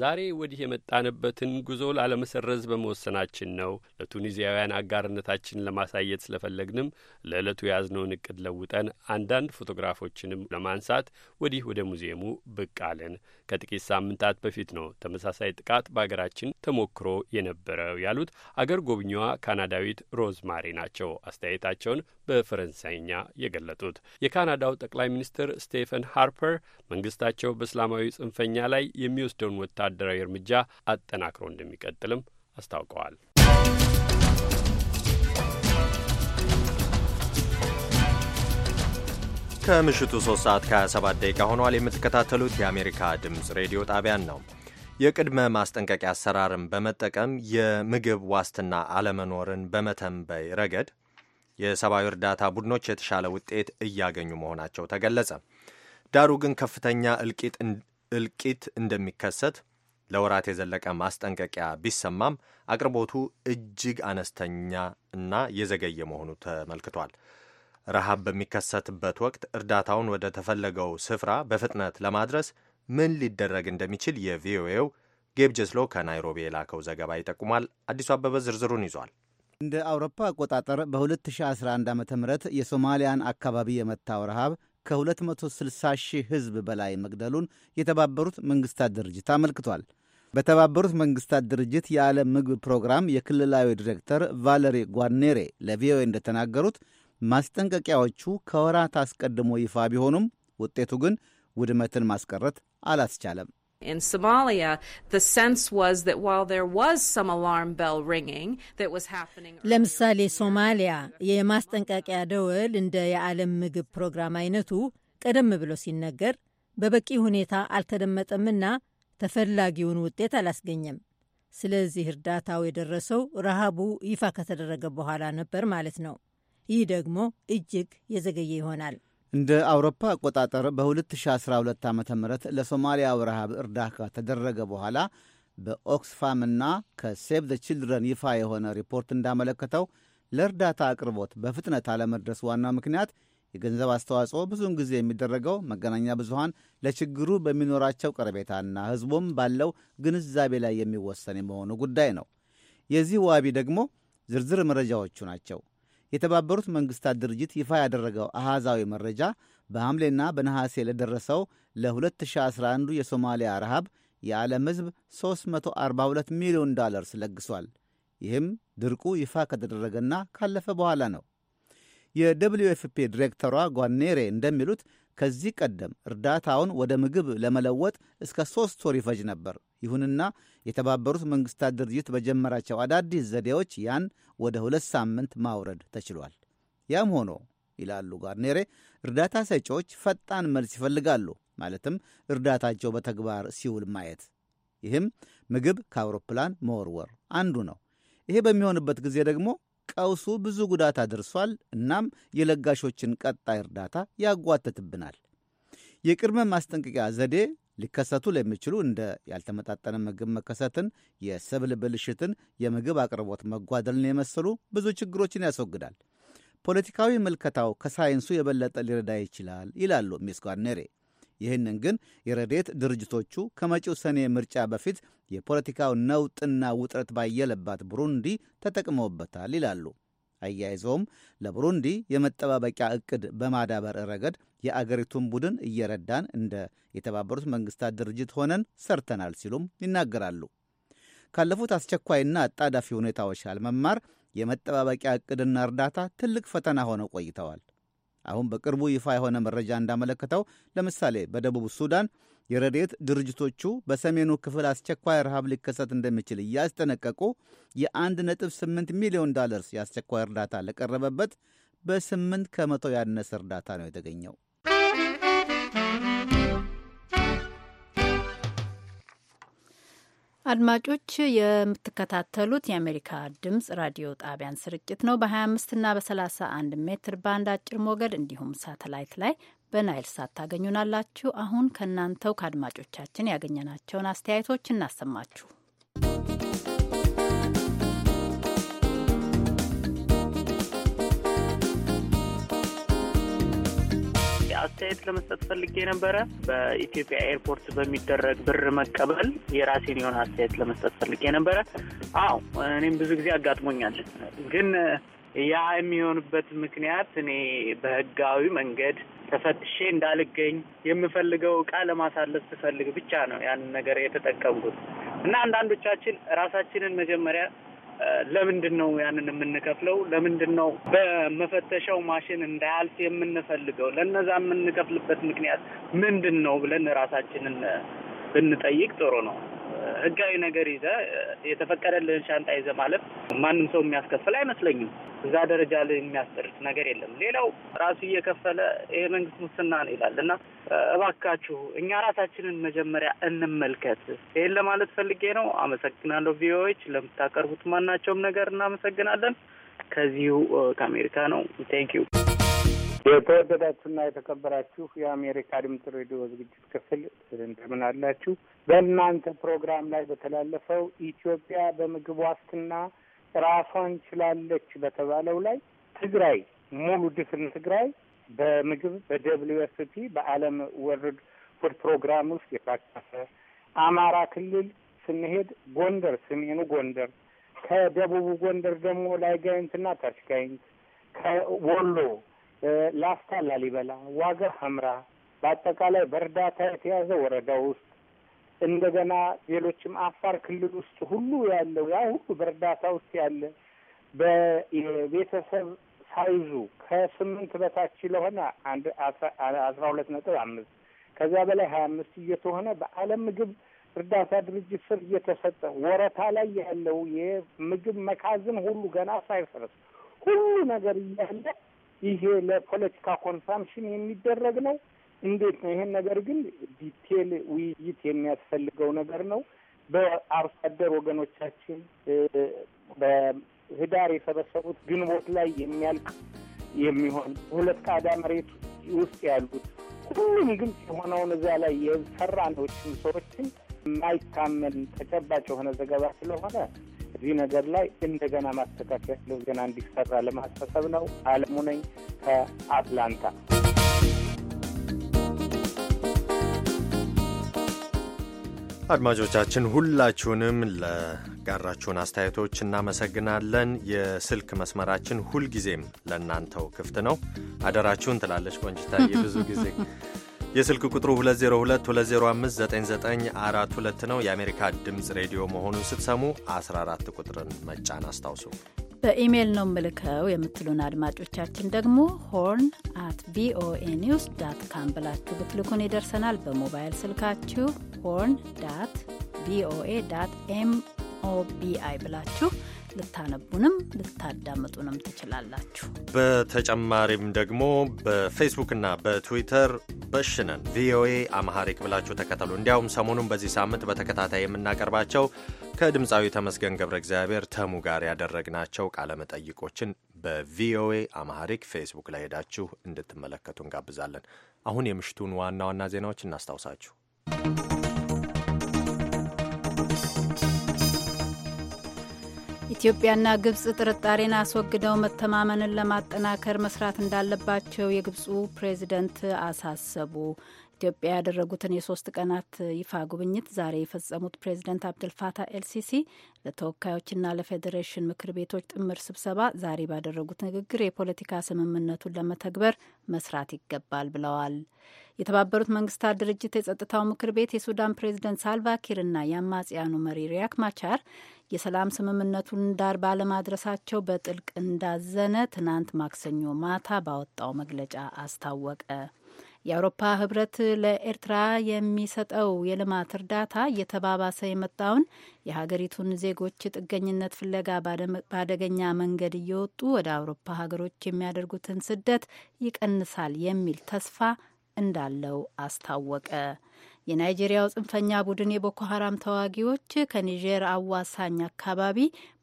ዛሬ ወዲህ የመጣንበትን ጉዞ ላለመሰረዝ በመወሰናችን ነው። ለቱኒዚያውያን አጋርነታችን ለማሳየት ስለፈለግንም ለዕለቱ የያዝነውን እቅድ ለውጠን አንዳንድ ፎቶግራፎችንም ለማንሳት ወዲህ ወደ ሙዚየሙ ብቅ አልን። ከጥቂት ሳምንታት በፊት ነው ተመሳሳይ ጥቃት በሀገራችን ተሞክሮ የነበረው ያሉት አገር ጎብኚዋ ካናዳዊት ሮዝማሪ ናቸው። አስተያየታቸውን በፈረንሳይኛ የገለጡት። የካናዳው ጠቅላይ ሚኒስትር ስቴፈን ሃርፐር መንግስታቸው በእስላማዊ ጽንፈኛ ላይ የሚወስደውን ወታደራዊ እርምጃ አጠናክሮ እንደሚቀጥልም አስታውቀዋል። ከምሽቱ 3 ሰዓት ከ27 ደቂቃ ሆኗል። የምትከታተሉት የአሜሪካ ድምፅ ሬዲዮ ጣቢያን ነው። የቅድመ ማስጠንቀቂያ አሰራርን በመጠቀም የምግብ ዋስትና አለመኖርን በመተንበይ ረገድ የሰብአዊ እርዳታ ቡድኖች የተሻለ ውጤት እያገኙ መሆናቸው ተገለጸ። ዳሩ ግን ከፍተኛ እልቂት እንደሚከሰት ለወራት የዘለቀ ማስጠንቀቂያ ቢሰማም አቅርቦቱ እጅግ አነስተኛ እና የዘገየ መሆኑ ተመልክቷል። ረሃብ በሚከሰትበት ወቅት እርዳታውን ወደ ተፈለገው ስፍራ በፍጥነት ለማድረስ ምን ሊደረግ እንደሚችል የቪኦኤው ጌብጀስሎ ከናይሮቢ የላከው ዘገባ ይጠቁማል። አዲሱ አበበ ዝርዝሩን ይዟል። እንደ አውሮፓ አቆጣጠር በ2011 ዓ ም የሶማሊያን አካባቢ የመታው ረሃብ ከ260 ሺህ ሕዝብ በላይ መግደሉን የተባበሩት መንግስታት ድርጅት አመልክቷል። በተባበሩት መንግስታት ድርጅት የዓለም ምግብ ፕሮግራም የክልላዊ ዲሬክተር ቫለሪ ጓኔሬ ለቪኦኤ እንደተናገሩት ማስጠንቀቂያዎቹ ከወራት አስቀድሞ ይፋ ቢሆኑም ውጤቱ ግን ውድመትን ማስቀረት አላስቻለም። In Somalia, the sense was that while there was some alarm bell ringing that was happening. ለምሳሌ ሶማሊያ የማስጠንቀቂያ ደወል እንደ የዓለም ምግብ ፕሮግራም አይነቱ ቀደም ብሎ ሲነገር በበቂ ሁኔታ አልተደመጠምና ተፈላጊውን ውጤት አላስገኘም። ስለዚህ እርዳታው የደረሰው ረሃቡ ይፋ ከተደረገ በኋላ ነበር ማለት ነው። ይህ ደግሞ እጅግ የዘገየ ይሆናል። እንደ አውሮፓ አቆጣጠር በ2012 ዓ ም ለሶማሊያው ረሃብ እርዳታ ተደረገ በኋላ በኦክስፋምና ከሴቭ ዘ ችልድረን ይፋ የሆነ ሪፖርት እንዳመለከተው ለእርዳታ አቅርቦት በፍጥነት አለመድረስ ዋናው ምክንያት የገንዘብ አስተዋጽኦ ብዙውን ጊዜ የሚደረገው መገናኛ ብዙሃን ለችግሩ በሚኖራቸው ቀረቤታና ሕዝቡም ባለው ግንዛቤ ላይ የሚወሰን የመሆኑ ጉዳይ ነው። የዚህ ዋቢ ደግሞ ዝርዝር መረጃዎቹ ናቸው። የተባበሩት መንግስታት ድርጅት ይፋ ያደረገው አሃዛዊ መረጃ በሐምሌና በነሐሴ ለደረሰው ለ2011 የሶማሊያ ረሃብ የዓለም ሕዝብ 342 ሚሊዮን ዶላርስ ለግሷል። ይህም ድርቁ ይፋ ከተደረገና ካለፈ በኋላ ነው። የደብሊዩ ኤፍፒ ዲሬክተሯ ጓኔሬ እንደሚሉት ከዚህ ቀደም እርዳታውን ወደ ምግብ ለመለወጥ እስከ ሦስት ወር ይፈጅ ነበር። ይሁንና የተባበሩት መንግስታት ድርጅት በጀመራቸው አዳዲስ ዘዴዎች ያን ወደ ሁለት ሳምንት ማውረድ ተችሏል። ያም ሆኖ ይላሉ ጋርኔሬ፣ እርዳታ ሰጪዎች ፈጣን መልስ ይፈልጋሉ። ማለትም እርዳታቸው በተግባር ሲውል ማየት። ይህም ምግብ ከአውሮፕላን መወርወር አንዱ ነው። ይሄ በሚሆንበት ጊዜ ደግሞ ቀውሱ ብዙ ጉዳት አድርሷል። እናም የለጋሾችን ቀጣይ እርዳታ ያጓትትብናል። የቅድመ ማስጠንቀቂያ ዘዴ ሊከሰቱ ለሚችሉ እንደ ያልተመጣጠነ ምግብ መከሰትን፣ የሰብል ብልሽትን፣ የምግብ አቅርቦት መጓደልን የመሰሉ ብዙ ችግሮችን ያስወግዳል። ፖለቲካዊ ምልከታው ከሳይንሱ የበለጠ ሊረዳ ይችላል ይላሉ ሚስ ጓርኔሬ። ይህንን ግን የረዴት ድርጅቶቹ ከመጪው ሰኔ ምርጫ በፊት የፖለቲካው ነውጥና ውጥረት ባየለባት ብሩንዲ ተጠቅመውበታል ይላሉ። አያይዘውም ለቡሩንዲ የመጠባበቂያ እቅድ በማዳበር ረገድ የአገሪቱን ቡድን እየረዳን እንደ የተባበሩት መንግስታት ድርጅት ሆነን ሰርተናል ሲሉም ይናገራሉ። ካለፉት አስቸኳይና አጣዳፊ ሁኔታዎች አለመማር የመጠባበቂያ እቅድና እርዳታ ትልቅ ፈተና ሆነው ቆይተዋል። አሁን በቅርቡ ይፋ የሆነ መረጃ እንዳመለከተው ለምሳሌ በደቡብ ሱዳን የረድኤት ድርጅቶቹ በሰሜኑ ክፍል አስቸኳይ ረሃብ ሊከሰት እንደሚችል እያስጠነቀቁ የ1.8 ሚሊዮን ዳለርስ የአስቸኳይ እርዳታ ለቀረበበት በ8 ከመቶ ያነሰ እርዳታ ነው የተገኘው። አድማጮች የምትከታተሉት የአሜሪካ ድምፅ ራዲዮ ጣቢያን ስርጭት ነው። በ25 እና በ31 ሜትር ባንድ አጭር ሞገድ እንዲሁም ሳተላይት ላይ በናይል ሳት ታገኙናላችሁ። አሁን ከእናንተው ከአድማጮቻችን ያገኘናቸውን አስተያየቶች እናሰማችሁ። አስተያየት ለመስጠት ፈልጌ ነበረ። በኢትዮጵያ ኤርፖርት በሚደረግ ብር መቀበል የራሴን የሆነ አስተያየት ለመስጠት ፈልጌ ነበረ። አዎ እኔም ብዙ ጊዜ አጋጥሞኛል። ግን ያ የሚሆንበት ምክንያት እኔ በህጋዊ መንገድ ተፈትሼ እንዳልገኝ የምፈልገው እቃ ለማሳለፍ ስፈልግ ብቻ ነው ያንን ነገር የተጠቀምኩት እና አንዳንዶቻችን ራሳችንን መጀመሪያ ለምንድን ነው ያንን የምንከፍለው? ለምንድን ነው በመፈተሻው ማሽን እንዳያልፍ የምንፈልገው? ለነዛ የምንከፍልበት ምክንያት ምንድን ነው ብለን ራሳችንን ብንጠይቅ ጥሩ ነው። ህጋዊ ነገር ይዘ የተፈቀደልህን ሻንጣ ይዘ ማለት ማንም ሰው የሚያስከፍል አይመስለኝም። እዛ ደረጃ ላይ የሚያስደርስ ነገር የለም። ሌላው ራሱ እየከፈለ ይሄ መንግስት ሙስና ነው ይላል እና እባካችሁ እኛ ራሳችንን መጀመሪያ እንመልከት። ይህን ለማለት ፈልጌ ነው። አመሰግናለሁ። ቪኦኤዎች ለምታቀርቡት ማናቸውም ነገር እናመሰግናለን። ከዚሁ ከአሜሪካ ነው። ቴንክ ዩ የተወደዳችሁና የተከበራችሁ የአሜሪካ ድምጽ ሬዲዮ ዝግጅት ክፍል እንደምን አላችሁ? በእናንተ ፕሮግራም ላይ በተላለፈው ኢትዮጵያ በምግብ ዋስትና ራሷን ችላለች በተባለው ላይ ትግራይ ሙሉ ድፍን ትግራይ በምግብ በደብሊው ኤፍ ፒ በዓለም ወርልድ ፉድ ፕሮግራም ውስጥ የታቀፈ አማራ ክልል ስንሄድ ጎንደር፣ ሰሜኑ ጎንደር ከደቡቡ ጎንደር ደግሞ ላይ ጋይንትና ታች ጋይንት ከወሎ ላፍታ ላሊበላ፣ ዋጋ ሀምራ በአጠቃላይ በእርዳታ የተያዘ ወረዳ ውስጥ እንደገና ሌሎችም አፋር ክልል ውስጥ ሁሉ ያለው ያ ሁሉ በእርዳታ ውስጥ ያለ በቤተሰብ ሳይዙ ከስምንት በታች ለሆነ አንድ አስራ ሁለት ነጥብ አምስት ከዚያ በላይ ሀያ አምስት እየተሆነ በዓለም ምግብ እርዳታ ድርጅት ስር እየተሰጠ ወረታ ላይ ያለው የምግብ መካዝን ሁሉ ገና ሳይፈርስ ሁሉ ነገር እያለ ይሄ ለፖለቲካ ኮንሳምፕሽን የሚደረግ ነው። እንዴት ነው ይሄን ነገር ግን ዲቴል ውይይት የሚያስፈልገው ነገር ነው። በአርሶ አደር ወገኖቻችን በህዳር የሰበሰቡት ግንቦት ላይ የሚያልቅ የሚሆን ሁለት ቃዳ መሬት ውስጥ ያሉት ሁሉም ግልጽ የሆነውን እዛ ላይ የሰራ ነዎችን ሰዎችን የማይታመን ተጨባጭ የሆነ ዘገባ ስለሆነ እዚህ ነገር ላይ እንደገና ማስተካከል እንደገና እንዲሰራ ለማሳሰብ ነው። አለሙ ነኝ ከአትላንታ። አድማጮቻችን ሁላችሁንም ለጋራችሁን አስተያየቶች እናመሰግናለን። የስልክ መስመራችን ሁልጊዜም ለእናንተው ክፍት ነው። አደራችሁን ትላለች ቆንጅታ ብዙ ጊዜ የስልክ ቁጥሩ 2022059942 ነው። የአሜሪካ ድምፅ ሬዲዮ መሆኑን ስትሰሙ 14 ቁጥርን መጫን አስታውሱ። በኢሜይል ነው ምልከው የምትሉን አድማጮቻችን ደግሞ ሆርን አት ቪኦኤ ኒውስ ዳት ካም ብላችሁ ብትልኩን ይደርሰናል። በሞባይል ስልካችሁ ሆርን ዳት ቪኦኤ ዳት ኤምኦቢአይ ብላችሁ ልታነቡንም ልታዳምጡንም ትችላላችሁ። በተጨማሪም ደግሞ በፌስቡክና በትዊተር በሽነን ቪኦኤ አማሐሪክ ብላችሁ ተከተሉ። እንዲያውም ሰሞኑን በዚህ ሳምንት በተከታታይ የምናቀርባቸው ከድምፃዊ ተመስገን ገብረ እግዚአብሔር ተሙ ጋር ያደረግናቸው ቃለ መጠይቆችን በቪኦኤ አማሐሪክ ፌስቡክ ላይ ሄዳችሁ እንድትመለከቱ እንጋብዛለን። አሁን የምሽቱን ዋና ዋና ዜናዎች እናስታውሳችሁ። ኢትዮጵያና ግብፅ ጥርጣሬን አስወግደው መተማመንን ለማጠናከር መስራት እንዳለባቸው የግብፁ ፕሬዚደንት አሳሰቡ። ኢትዮጵያ ያደረጉትን የሶስት ቀናት ይፋ ጉብኝት ዛሬ የፈጸሙት ፕሬዚደንት አብደልፋታ ኤልሲሲ ለተወካዮችና ለፌዴሬሽን ምክር ቤቶች ጥምር ስብሰባ ዛሬ ባደረጉት ንግግር የፖለቲካ ስምምነቱን ለመተግበር መስራት ይገባል ብለዋል። የተባበሩት መንግስታት ድርጅት የጸጥታው ምክር ቤት የሱዳን ፕሬዚደንት ሳልቫኪርና የአማጽያኑ መሪ ሪያክ ማቻር የሰላም ስምምነቱን ዳር ባለማድረሳቸው በጥልቅ እንዳዘነ ትናንት ማክሰኞ ማታ ባወጣው መግለጫ አስታወቀ። የአውሮፓ ህብረት ለኤርትራ የሚሰጠው የልማት እርዳታ እየተባባሰ የመጣውን የሀገሪቱን ዜጎች ጥገኝነት ፍለጋ በአደገኛ መንገድ እየወጡ ወደ አውሮፓ ሀገሮች የሚያደርጉትን ስደት ይቀንሳል የሚል ተስፋ እንዳለው አስታወቀ። የናይጄሪያው ጽንፈኛ ቡድን የቦኮ ሀራም ተዋጊዎች ከኒጀር አዋሳኝ አካባቢ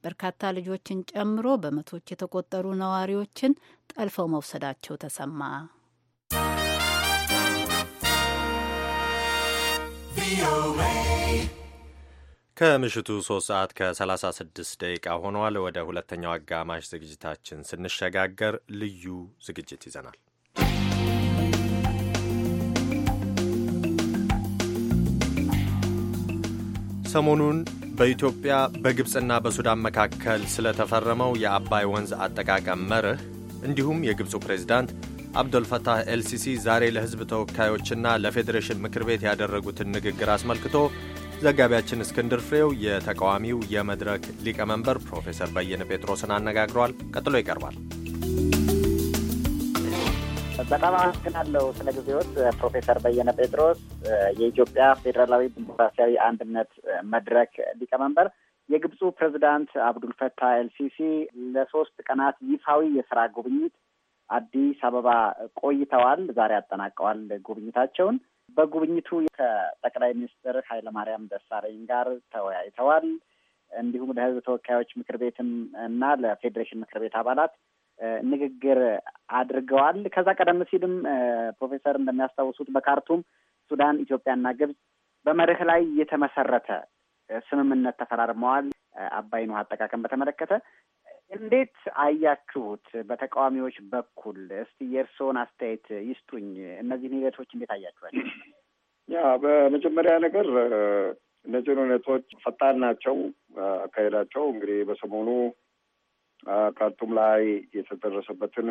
በርካታ ልጆችን ጨምሮ በመቶች የተቆጠሩ ነዋሪዎችን ጠልፈው መውሰዳቸው ተሰማ። ከምሽቱ 3 ሰዓት ከ36 ደቂቃ ሆኗል። ወደ ሁለተኛው አጋማሽ ዝግጅታችን ስንሸጋገር ልዩ ዝግጅት ይዘናል። ሰሞኑን በኢትዮጵያ በግብፅና በሱዳን መካከል ስለተፈረመው የአባይ ወንዝ አጠቃቀም መርህ እንዲሁም የግብፁ ፕሬዚዳንት አብዶልፈታህ ኤልሲሲ ዛሬ ለሕዝብ ተወካዮችና ለፌዴሬሽን ምክር ቤት ያደረጉትን ንግግር አስመልክቶ ዘጋቢያችን እስክንድር ፍሬው የተቃዋሚው የመድረክ ሊቀመንበር ፕሮፌሰር በየነ ጴጥሮስን አነጋግሯል። ቀጥሎ ይቀርባል። በጣም አመሰግናለሁ ስለ ጊዜዎት ፕሮፌሰር በየነ ጴጥሮስ የኢትዮጵያ ፌዴራላዊ ዲሞክራሲያዊ አንድነት መድረክ ሊቀመንበር። የግብፁ ፕሬዚዳንት አብዱልፈታህ ኤልሲሲ ለሶስት ቀናት ይፋዊ የስራ ጉብኝት አዲስ አበባ ቆይተዋል። ዛሬ አጠናቀዋል ጉብኝታቸውን። በጉብኝቱ ከጠቅላይ ሚኒስትር ኃይለማርያም ደሳለኝ ጋር ተወያይተዋል። እንዲሁም ለሕዝብ ተወካዮች ምክር ቤትም እና ለፌዴሬሽን ምክር ቤት አባላት ንግግር አድርገዋል። ከዛ ቀደም ሲልም ፕሮፌሰር እንደሚያስታውሱት በካርቱም ሱዳን፣ ኢትዮጵያና ግብጽ በመርህ ላይ የተመሰረተ ስምምነት ተፈራርመዋል። አባይን ውሃ አጠቃቀም በተመለከተ እንዴት አያችሁት? በተቃዋሚዎች በኩል እስቲ የእርስዎን አስተያየት ይስጡኝ። እነዚህን ሂደቶች እንዴት አያችኋል? ያ በመጀመሪያ ነገር እነዚህን ሁኔታዎች ፈጣን ናቸው አካሄዳቸው። እንግዲህ በሰሞኑ ካርቱም ላይ የተደረሰበትን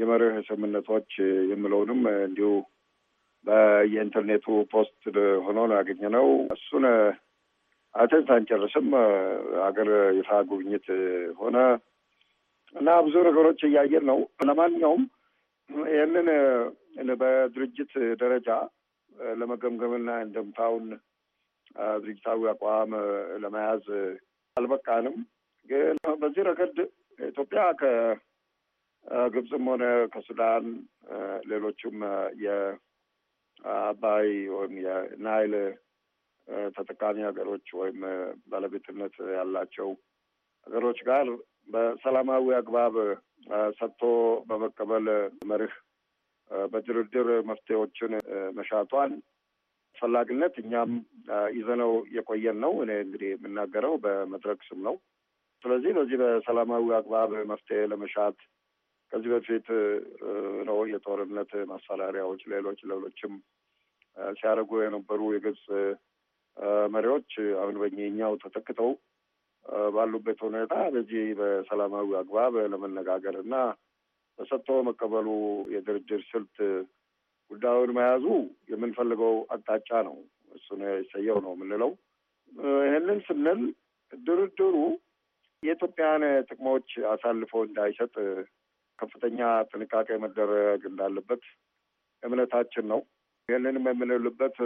የመርህ ስምምነቶች የምለውንም እንዲሁ በየኢንተርኔቱ ፖስት ሆኖ ነው ያገኘነው። እሱን አቴንስ አንጨርስም ሀገር ይፋ ጉብኝት ሆነ እና ብዙ ነገሮች እያየን ነው። ለማንኛውም ይህንን በድርጅት ደረጃ ለመገምገምና እንደምታውን ድርጅታዊ አቋም ለመያዝ አልበቃንም። ግን በዚህ ረገድ ኢትዮጵያ ከግብፅም ሆነ ከሱዳን ሌሎችም የአባይ ወይም የናይል ተጠቃሚ ሀገሮች ወይም ባለቤትነት ያላቸው ሀገሮች ጋር በሰላማዊ አግባብ ሰጥቶ በመቀበል መርህ በድርድር መፍትሄዎችን መሻቷን አስፈላጊነት እኛም ይዘነው የቆየን ነው። እኔ እንግዲህ የምናገረው በመድረክ ስም ነው። ስለዚህ በዚህ በሰላማዊ አግባብ መፍትሄ ለመሻት ከዚህ በፊት ነው የጦርነት ማስፈራሪያዎች ሌሎች ሌሎችም ሲያደርጉ የነበሩ የግብጽ መሪዎች አሁን በእኛው ተተክተው ባሉበት ሁኔታ በዚህ በሰላማዊ አግባብ ለመነጋገር እና በሰጥቶ መቀበሉ የድርድር ስልት ጉዳዩን መያዙ የምንፈልገው አቅጣጫ ነው። እሱ የሰየው ነው የምንለው። ይህንን ስንል ድርድሩ የኢትዮጵያን ጥቅሞች አሳልፎ እንዳይሰጥ ከፍተኛ ጥንቃቄ መደረግ እንዳለበት እምነታችን ነው። ይህንንም የምንልበት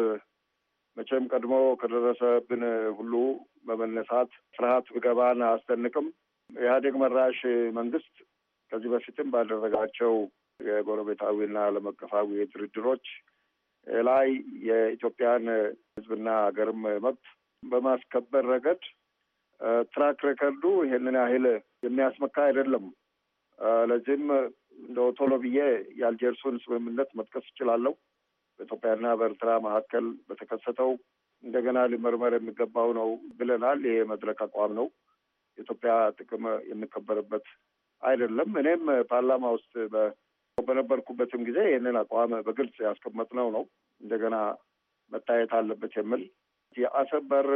መቼም ቀድሞ ከደረሰብን ሁሉ በመነሳት ፍርሃት ብገባን አስደንቅም ኢህአዴግ መራሽ መንግስት ከዚህ በፊትም ባደረጋቸው የጎረቤታዊና ዓለም አቀፋዊ ድርድሮች ላይ የኢትዮጵያን ህዝብና ሀገርም መብት በማስከበር ረገድ ትራክ ሬከርዱ ይሄንን ያህል የሚያስመካ አይደለም። ለዚህም እንደ ቶሎ ብዬ የአልጀርሱን ስምምነት መጥቀስ እችላለሁ። በኢትዮጵያና በኤርትራ መካከል በተከሰተው እንደገና ሊመርመር የሚገባው ነው ብለናል። ይሄ መድረክ አቋም ነው። የኢትዮጵያ ጥቅም የሚከበርበት አይደለም። እኔም ፓርላማ ውስጥ በነበርኩበትም ጊዜ ይህንን አቋም በግልጽ ያስቀመጥነው ነው። እንደገና መታየት አለበት የሚል የአሰብ በር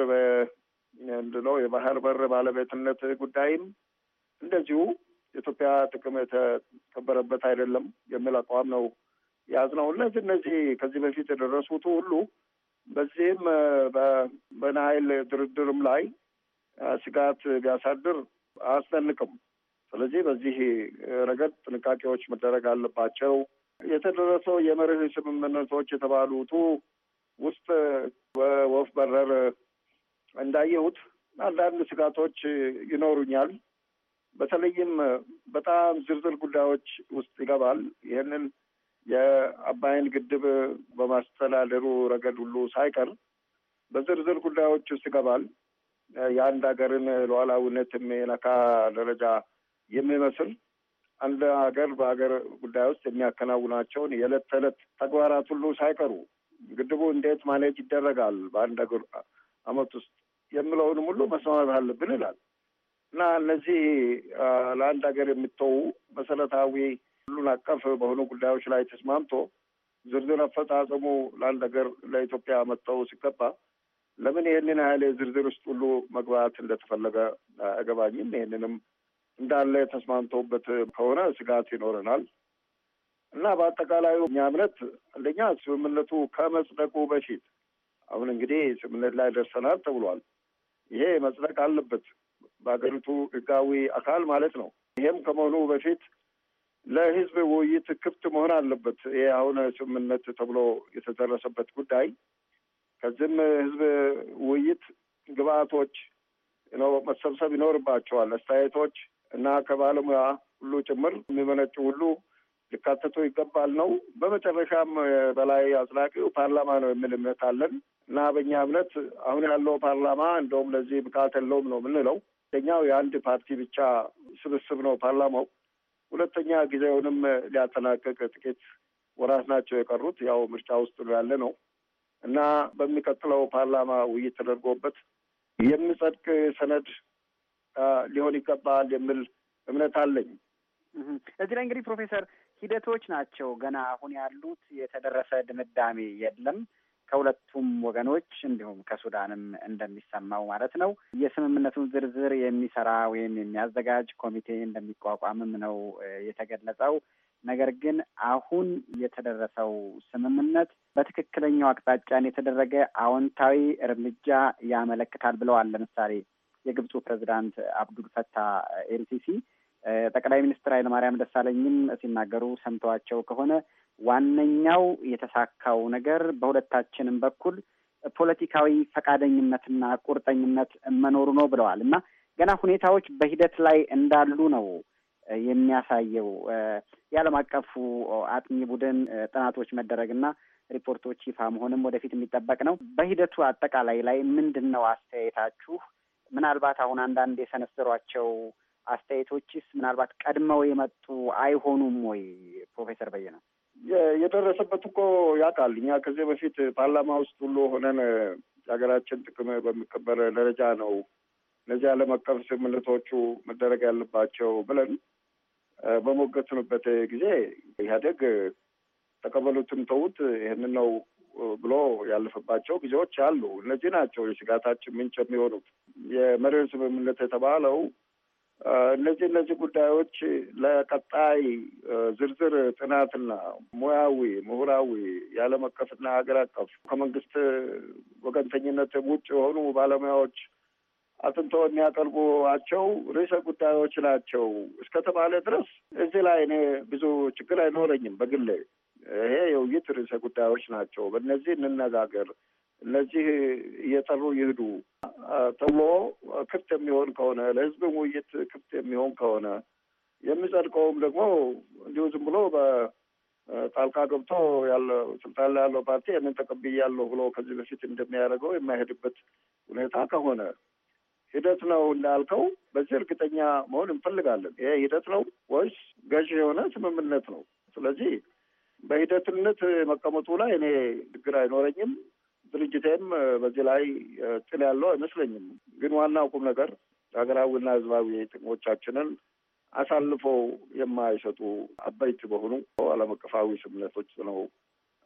ምንድነው የባህር በር ባለቤትነት ጉዳይም እንደዚሁ የኢትዮጵያ ጥቅም የተከበረበት አይደለም የሚል አቋም ነው ያዝነው እነዚህ እነዚህ ከዚህ በፊት የደረሱት ሁሉ በዚህም በናይል ድርድርም ላይ ስጋት ቢያሳድር አያስደንቅም። ስለዚህ በዚህ ረገድ ጥንቃቄዎች መደረግ አለባቸው። የተደረሰው የመርህ ስምምነቶች የተባሉቱ ውስጥ ወፍ በረር እንዳየሁት አንዳንድ ስጋቶች ይኖሩኛል። በተለይም በጣም ዝርዝር ጉዳዮች ውስጥ ይገባል። ይህንን የአባይን ግድብ በማስተዳደሩ ረገድ ሁሉ ሳይቀር በዝርዝር ጉዳዮች ውስጥ ይገባል። የአንድ ሀገርን ሉዓላዊነት የሚነካ ደረጃ የሚመስል አንድ ሀገር በሀገር ጉዳይ ውስጥ የሚያከናውናቸውን የዕለት ተዕለት ተግባራት ሁሉ ሳይቀሩ ግድቡ እንዴት ማኔጅ ይደረጋል በአንድ ሀገር አመት ውስጥ የምለውንም ሁሉ መስማማት አለብን ይላል እና እነዚህ ለአንድ ሀገር የሚተዉ መሰረታዊ ሁሉን አቀፍ በሆኑ ጉዳዮች ላይ ተስማምቶ ዝርዝር አፈጻጸሙ ለአንድ ሀገር ለኢትዮጵያ መጥተው ሲገባ ለምን ይህንን ያህል ዝርዝር ውስጥ ሁሉ መግባት እንደተፈለገ አይገባኝም። ይህንንም እንዳለ ተስማምተውበት ከሆነ ስጋት ይኖረናል እና በአጠቃላዩ እኛ እምነት አንደኛ ስምምነቱ ከመጽደቁ በፊት አሁን እንግዲህ ስምምነት ላይ ደርሰናል ተብሏል። ይሄ መጽደቅ አለበት በሀገሪቱ ህጋዊ አካል ማለት ነው። ይሄም ከመሆኑ በፊት ለህዝብ ውይይት ክፍት መሆን አለበት። ይሄ አሁን ስምምነት ተብሎ የተደረሰበት ጉዳይ ከዚህም ህዝብ ውይይት ግብአቶች መሰብሰብ ይኖርባቸዋል። አስተያየቶች እና ከባለሙያ ሁሉ ጭምር የሚመነጩ ሁሉ ሊካተቱ ይገባል ነው። በመጨረሻም በላይ አጽላቂው ፓርላማ ነው የሚል እምነት አለን እና በእኛ እምነት አሁን ያለው ፓርላማ እንደውም ለዚህ ብቃት የለውም ነው የምንለው። ኛው የአንድ ፓርቲ ብቻ ስብስብ ነው ፓርላማው። ሁለተኛ ጊዜውንም ሊያጠናቀቅ ጥቂት ወራት ናቸው የቀሩት። ያው ምርጫ ውስጥ ነው ያለ ነው እና በሚቀጥለው ፓርላማ ውይይት ተደርጎበት የሚጸድቅ ሰነድ ሊሆን ይገባል የሚል እምነት አለኝ። እዚህ ላይ እንግዲህ ፕሮፌሰር ሂደቶች ናቸው ገና አሁን ያሉት የተደረሰ ድምዳሜ የለም። ከሁለቱም ወገኖች እንዲሁም ከሱዳንም እንደሚሰማው ማለት ነው። የስምምነቱን ዝርዝር የሚሰራ ወይም የሚያዘጋጅ ኮሚቴ እንደሚቋቋምም ነው የተገለጸው። ነገር ግን አሁን የተደረሰው ስምምነት በትክክለኛው አቅጣጫን የተደረገ አዎንታዊ እርምጃ ያመለክታል ብለዋል። ለምሳሌ የግብፁ ፕሬዚዳንት አብዱል ፈታህ ኤልሲሲ ጠቅላይ ሚኒስትር ኃይለማርያም ደሳለኝም ሲናገሩ ሰምተዋቸው ከሆነ ዋነኛው የተሳካው ነገር በሁለታችንም በኩል ፖለቲካዊ ፈቃደኝነትና ቁርጠኝነት መኖሩ ነው ብለዋል እና ገና ሁኔታዎች በሂደት ላይ እንዳሉ ነው የሚያሳየው የዓለም አቀፉ አጥኚ ቡድን ጥናቶች መደረግና ሪፖርቶች ይፋ መሆንም ወደፊት የሚጠበቅ ነው። በሂደቱ አጠቃላይ ላይ ምንድን ነው አስተያየታችሁ? ምናልባት አሁን አንዳንድ የሰነዘሯቸው አስተያየቶችስ ምናልባት ቀድመው የመጡ አይሆኑም ወይ? ፕሮፌሰር በየነ የደረሰበት እኮ ያውቃል። እኛ ከዚህ በፊት ፓርላማ ውስጥ ሁሉ ሆነን የሀገራችን ጥቅም በሚከበር ደረጃ ነው እነዚህ ዓለም አቀፍ ስምምነቶቹ መደረግ ያለባቸው ብለን በሞገትንበት ጊዜ ኢህአዴግ ተቀበሉትም ተዉት ይህን ነው ብሎ ያለፈባቸው ጊዜዎች አሉ። እነዚህ ናቸው የስጋታችን ምንጭ የሚሆኑት። የመሪር ስምምነት የተባለው እነዚህ እነዚህ ጉዳዮች ለቀጣይ ዝርዝር ጥናትና ሙያዊ ምሁራዊ የዓለም አቀፍና ሀገር አቀፍ ከመንግስት ወገንተኝነት ውጭ የሆኑ ባለሙያዎች አጥንቶ የሚያቀርቡቸው ርዕሰ ጉዳዮች ናቸው እስከተባለ ድረስ እዚህ ላይ እኔ ብዙ ችግር አይኖረኝም። በግሌ ይሄ የውይይት ርዕሰ ጉዳዮች ናቸው፣ በእነዚህ እንነጋገር እነዚህ እየጠሩ ይሄዱ ተብሎ ክፍት የሚሆን ከሆነ ለህዝብ ውይይት ክፍት የሚሆን ከሆነ የሚጸድቀውም ደግሞ እንዲሁ ዝም ብሎ በጣልቃ ገብቶ ያለው ስልጣን ላይ ያለው ፓርቲ ያንን ተቀብያለሁ ብሎ ከዚህ በፊት እንደሚያደርገው የማይሄድበት ሁኔታ ከሆነ ሂደት ነው እንዳልከው፣ በዚህ እርግጠኛ መሆን እንፈልጋለን። ይሄ ሂደት ነው ወይስ ገዥ የሆነ ስምምነት ነው? ስለዚህ በሂደትነት መቀመጡ ላይ እኔ ችግር አይኖረኝም። ድርጅቴም በዚህ ላይ ጥል ያለው አይመስለኝም። ግን ዋናው ቁም ነገር ሀገራዊና ህዝባዊ ጥቅሞቻችንን አሳልፈው የማይሰጡ አበይት በሆኑ ዓለም አቀፋዊ ስምምነቶች ነው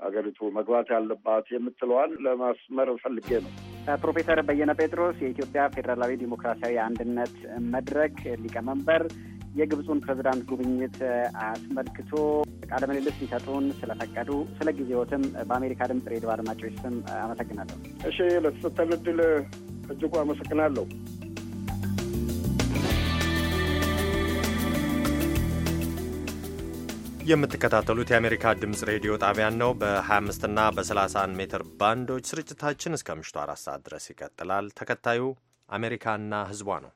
ሀገሪቱ መግባት ያለባት የምትለዋን ለማስመር ፈልጌ ነው። ፕሮፌሰር በየነ ጴጥሮስ የኢትዮጵያ ፌዴራላዊ ዲሞክራሲያዊ አንድነት መድረክ ሊቀመንበር የግብፁን ፕሬዚዳንት ጉብኝት አስመልክቶ ቃለ ምልልስ ሊሰጡን ስለፈቀዱ ስለ ጊዜዎትም በአሜሪካ ድምፅ ሬዲዮ አድማጮች ስም አመሰግናለሁ። እሺ፣ ለተሰጠን እድል እጅጉ አመሰግናለሁ። የምትከታተሉት የአሜሪካ ድምፅ ሬዲዮ ጣቢያን ነው። በ25 እና በ31 ሜትር ባንዶች ስርጭታችን እስከ ምሽቱ አራት ሰዓት ድረስ ይቀጥላል። ተከታዩ አሜሪካና ሕዝቧ ነው።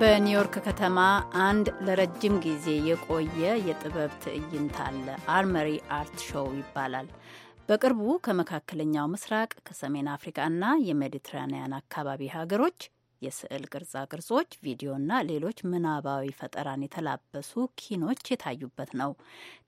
በኒውዮርክ ከተማ አንድ ለረጅም ጊዜ የቆየ የጥበብ ትዕይንት አለ። አርመሪ አርት ሾው ይባላል። በቅርቡ ከመካከለኛው ምስራቅ ከሰሜን አፍሪካና የሜዲትራንያን አካባቢ ሀገሮች የስዕል ቅርጻ ቅርጾች፣ ቪዲዮና ሌሎች ምናባዊ ፈጠራን የተላበሱ ኪኖች የታዩበት ነው።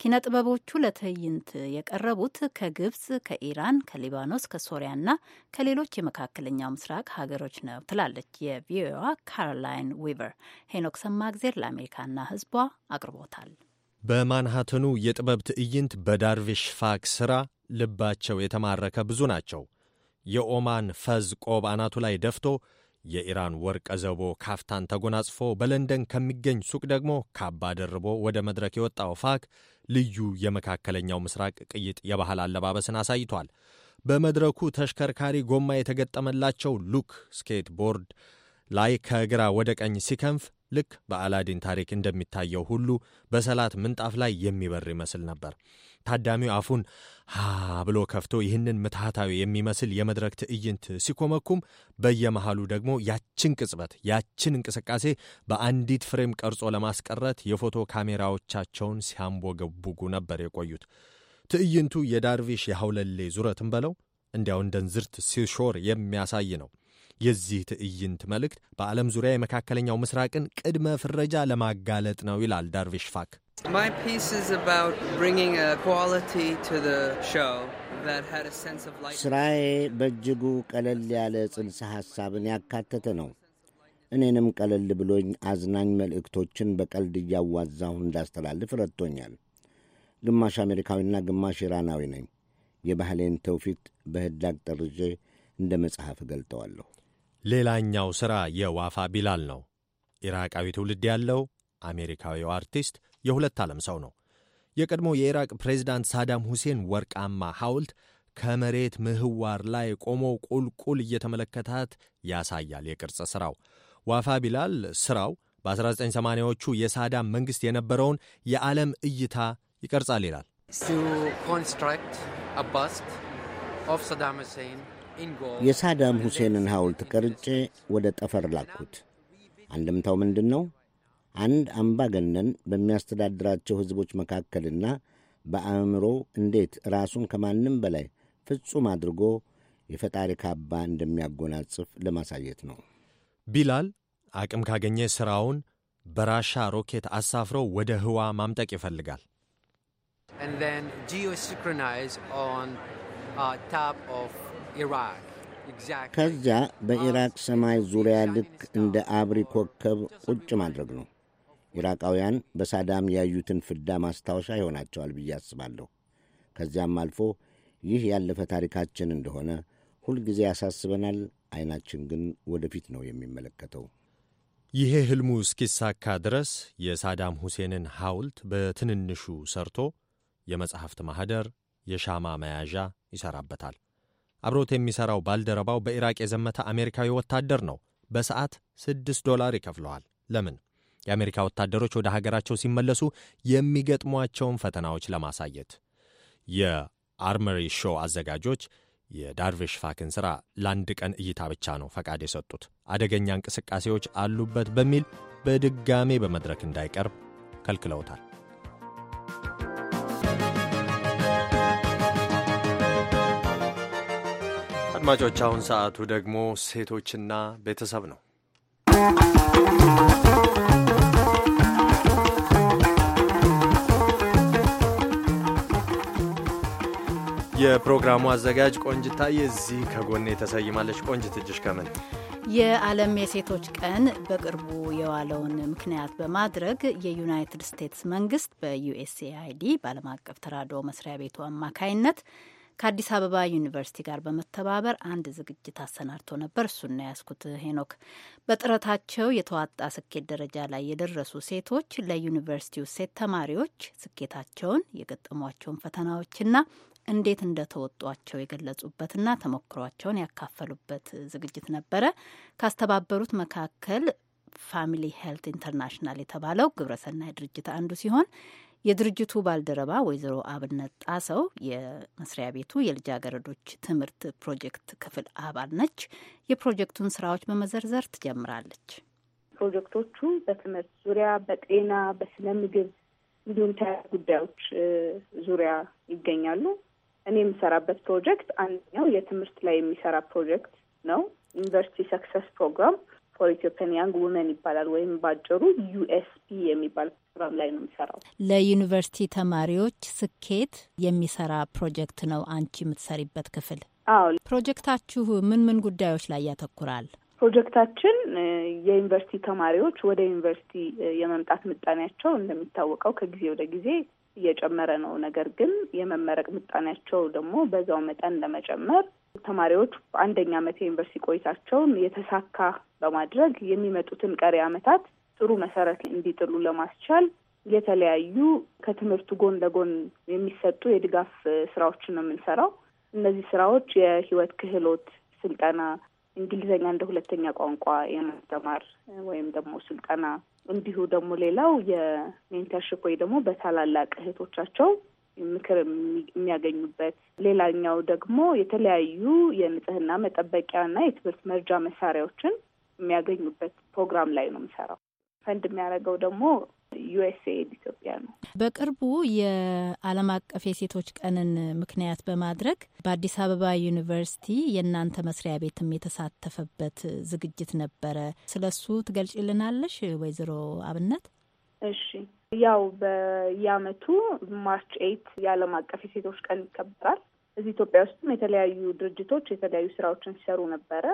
ኪነ ጥበቦቹ ለትዕይንት የቀረቡት ከግብጽ፣ ከኢራን፣ ከሊባኖስ፣ ከሶሪያና ከሌሎች የመካከለኛው ምስራቅ ሀገሮች ነው ትላለች የቪኦኤዋ ካሮላይን ዊቨር። ሄኖክ ሰማእግዜር ለአሜሪካና ህዝቧ አቅርቦታል። በማንሃተኑ የጥበብ ትዕይንት በዳርቪሽ ፋክ ስራ ልባቸው የተማረከ ብዙ ናቸው። የኦማን ፈዝ ቆብ አናቱ ላይ ደፍቶ የኢራን ወርቀ ዘቦ ካፍታን ተጎናጽፎ በለንደን ከሚገኝ ሱቅ ደግሞ ካባ ደርቦ ወደ መድረክ የወጣው ፋክ ልዩ የመካከለኛው ምስራቅ ቅይጥ የባህል አለባበስን አሳይቷል። በመድረኩ ተሽከርካሪ ጎማ የተገጠመላቸው ሉክ ስኬት ቦርድ ላይ ከግራ ወደ ቀኝ ሲከንፍ ልክ በአላዲን ታሪክ እንደሚታየው ሁሉ በሰላት ምንጣፍ ላይ የሚበር ይመስል ነበር። ታዳሚው አፉን ሀ ብሎ ከፍቶ ይህንን ምትሃታዊ የሚመስል የመድረክ ትዕይንት ሲኮመኩም፣ በየመሃሉ ደግሞ ያችን ቅጽበት ያችን እንቅስቃሴ በአንዲት ፍሬም ቀርጾ ለማስቀረት የፎቶ ካሜራዎቻቸውን ሲያንቦገቡጉ ነበር የቆዩት። ትዕይንቱ የዳርቪሽ የሐውለሌ ዙረትን በለው እንዲያው እንደ ሲሾር የሚያሳይ ነው። የዚህ ትዕይንት መልእክት በዓለም ዙሪያ የመካከለኛው ምስራቅን ቅድመ ፍረጃ ለማጋለጥ ነው ይላል ዳርቪሽ ፋክ። ስራዬ በእጅጉ ቀለል ያለ ጽንሰ ሐሳብን ያካተተ ነው። እኔንም ቀለል ብሎኝ አዝናኝ መልእክቶችን በቀልድ እያዋዛሁ እንዳስተላልፍ ረድቶኛል። ግማሽ አሜሪካዊና ግማሽ ኢራናዊ ነኝ። የባህሌን ተውፊት በህዳግ ጠርዤ እንደ መጽሐፍ እገልጠዋለሁ። ሌላኛው ሥራ የዋፋ ቢላል ነው። ኢራቃዊ ትውልድ ያለው አሜሪካዊው አርቲስት የሁለት ዓለም ሰው ነው። የቀድሞ የኢራቅ ፕሬዚዳንት ሳዳም ሁሴን ወርቃማ ሐውልት ከመሬት ምህዋር ላይ ቆሞ ቁልቁል እየተመለከታት ያሳያል የቅርጽ ሥራው። ዋፋ ቢላል ሥራው በ1980ዎቹ የሳዳም መንግሥት የነበረውን የዓለም እይታ ይቀርጻል ይላል። የሳዳም ሁሴንን ሐውልት ቀርጬ ወደ ጠፈር ላኩት። አንድምታው ምንድን ነው? አንድ አምባገነን በሚያስተዳድራቸው ሕዝቦች መካከልና በአእምሮ እንዴት ራሱን ከማንም በላይ ፍጹም አድርጎ የፈጣሪ ካባ እንደሚያጎናጽፍ ለማሳየት ነው። ቢላል አቅም ካገኘ ሥራውን በራሻ ሮኬት አሳፍሮ ወደ ህዋ ማምጠቅ ይፈልጋል። and ኦን ታፕ ኦፍ ከዚያ በኢራቅ ሰማይ ዙሪያ ልክ እንደ አብሪ ኮከብ ቁጭ ማድረግ ነው። ኢራቃውያን በሳዳም ያዩትን ፍዳ ማስታወሻ ይሆናቸዋል ብዬ አስባለሁ። ከዚያም አልፎ ይህ ያለፈ ታሪካችን እንደሆነ ሁልጊዜ ያሳስበናል። ዐይናችን ግን ወደፊት ነው የሚመለከተው። ይሄ ሕልሙ እስኪሳካ ድረስ የሳዳም ሁሴንን ሐውልት በትንንሹ ሰርቶ የመጽሐፍት ማኅደር፣ የሻማ መያዣ ይሠራበታል። አብሮት የሚሠራው ባልደረባው በኢራቅ የዘመተ አሜሪካዊ ወታደር ነው። በሰዓት 6 ዶላር ይከፍለዋል። ለምን? የአሜሪካ ወታደሮች ወደ ሀገራቸው ሲመለሱ የሚገጥሟቸውን ፈተናዎች ለማሳየት። የአርመሪ ሾው አዘጋጆች የዳርቬሽ ፋክን ሥራ ለአንድ ቀን እይታ ብቻ ነው ፈቃድ የሰጡት። አደገኛ እንቅስቃሴዎች አሉበት በሚል በድጋሜ በመድረክ እንዳይቀርብ ከልክለውታል። አድማጮች፣ አሁን ሰዓቱ ደግሞ ሴቶችና ቤተሰብ ነው። የፕሮግራሙ አዘጋጅ ቆንጅታ የዚህ እዚህ ከጎኔ ተሰይማለች። ቆንጅት እጅሽ ከምን የዓለም የሴቶች ቀን በቅርቡ የዋለውን ምክንያት በማድረግ የዩናይትድ ስቴትስ መንግስት በዩኤስኤአይዲ በዓለም አቀፍ ተራድኦ መስሪያ ቤቱ አማካይነት ከአዲስ አበባ ዩኒቨርሲቲ ጋር በመተባበር አንድ ዝግጅት አሰናድቶ ነበር። እሱና ያስኩት ሄኖክ በጥረታቸው የተዋጣ ስኬት ደረጃ ላይ የደረሱ ሴቶች ለዩኒቨርሲቲው ሴት ተማሪዎች ስኬታቸውን፣ የገጠሟቸውን ፈተናዎችና እንዴት እንደተወጧቸው የገለጹበትና ተሞክሯቸውን ያካፈሉበት ዝግጅት ነበረ። ካስተባበሩት መካከል ፋሚሊ ሄልት ኢንተርናሽናል የተባለው ግብረሰናይ ድርጅት አንዱ ሲሆን የድርጅቱ ባልደረባ ወይዘሮ አብነት ጣሰው የመስሪያ ቤቱ የልጃገረዶች ትምህርት ፕሮጀክት ክፍል አባል ነች። የፕሮጀክቱን ስራዎች በመዘርዘር ትጀምራለች። ፕሮጀክቶቹ በትምህርት ዙሪያ፣ በጤና፣ በስነ ምግብ እንዲሁም ተያያዥ ጉዳዮች ዙሪያ ይገኛሉ። እኔ የምሰራበት ፕሮጀክት አንደኛው የትምህርት ላይ የሚሰራ ፕሮጀክት ነው። ዩኒቨርሲቲ ሰክሰስ ፕሮግራም ፎር ኢትዮጵያን ያንግ ውመን ይባላል። ወይም ባጭሩ ዩኤስፒ የሚባል ፕሮግራም ላይ ነው የሚሰራው። ለዩኒቨርሲቲ ተማሪዎች ስኬት የሚሰራ ፕሮጀክት ነው አንቺ የምትሰሪበት ክፍል። አዎ። ፕሮጀክታችሁ ምን ምን ጉዳዮች ላይ ያተኩራል? ፕሮጀክታችን የዩኒቨርሲቲ ተማሪዎች ወደ ዩኒቨርሲቲ የመምጣት ምጣኔያቸው እንደሚታወቀው ከጊዜ ወደ ጊዜ እየጨመረ ነው። ነገር ግን የመመረቅ ምጣኔያቸው ደግሞ በዛው መጠን ለመጨመር ተማሪዎች አንደኛ ዓመት የዩኒቨርሲቲ ቆይታቸውን የተሳካ በማድረግ የሚመጡትን ቀሪ ዓመታት ጥሩ መሰረት እንዲጥሉ ለማስቻል የተለያዩ ከትምህርቱ ጎን ለጎን የሚሰጡ የድጋፍ ስራዎችን ነው የምንሰራው። እነዚህ ስራዎች የህይወት ክህሎት ስልጠና፣ እንግሊዝኛ እንደ ሁለተኛ ቋንቋ የማስተማር ወይም ደግሞ ስልጠና፣ እንዲሁ ደግሞ ሌላው የሜንተርሽፕ ወይ ደግሞ በታላላቅ እህቶቻቸው ምክር የሚያገኙበት፣ ሌላኛው ደግሞ የተለያዩ የንጽህና መጠበቂያና የትምህርት መርጃ መሳሪያዎችን የሚያገኙበት ፕሮግራም ላይ ነው የምሰራው። ፈንድ የሚያደርገው ደግሞ ዩኤስኤድ ኢትዮጵያ ነው። በቅርቡ የዓለም አቀፍ የሴቶች ቀንን ምክንያት በማድረግ በአዲስ አበባ ዩኒቨርሲቲ የእናንተ መስሪያ ቤትም የተሳተፈበት ዝግጅት ነበረ። ስለሱ ትገልጭልናለሽ ወይዘሮ አብነት? እሺ ያው በየአመቱ ማርች ኤይት የዓለም አቀፍ የሴቶች ቀን ይከበራል። እዚህ ኢትዮጵያ ውስጥም የተለያዩ ድርጅቶች የተለያዩ ስራዎችን ሲሰሩ ነበረ።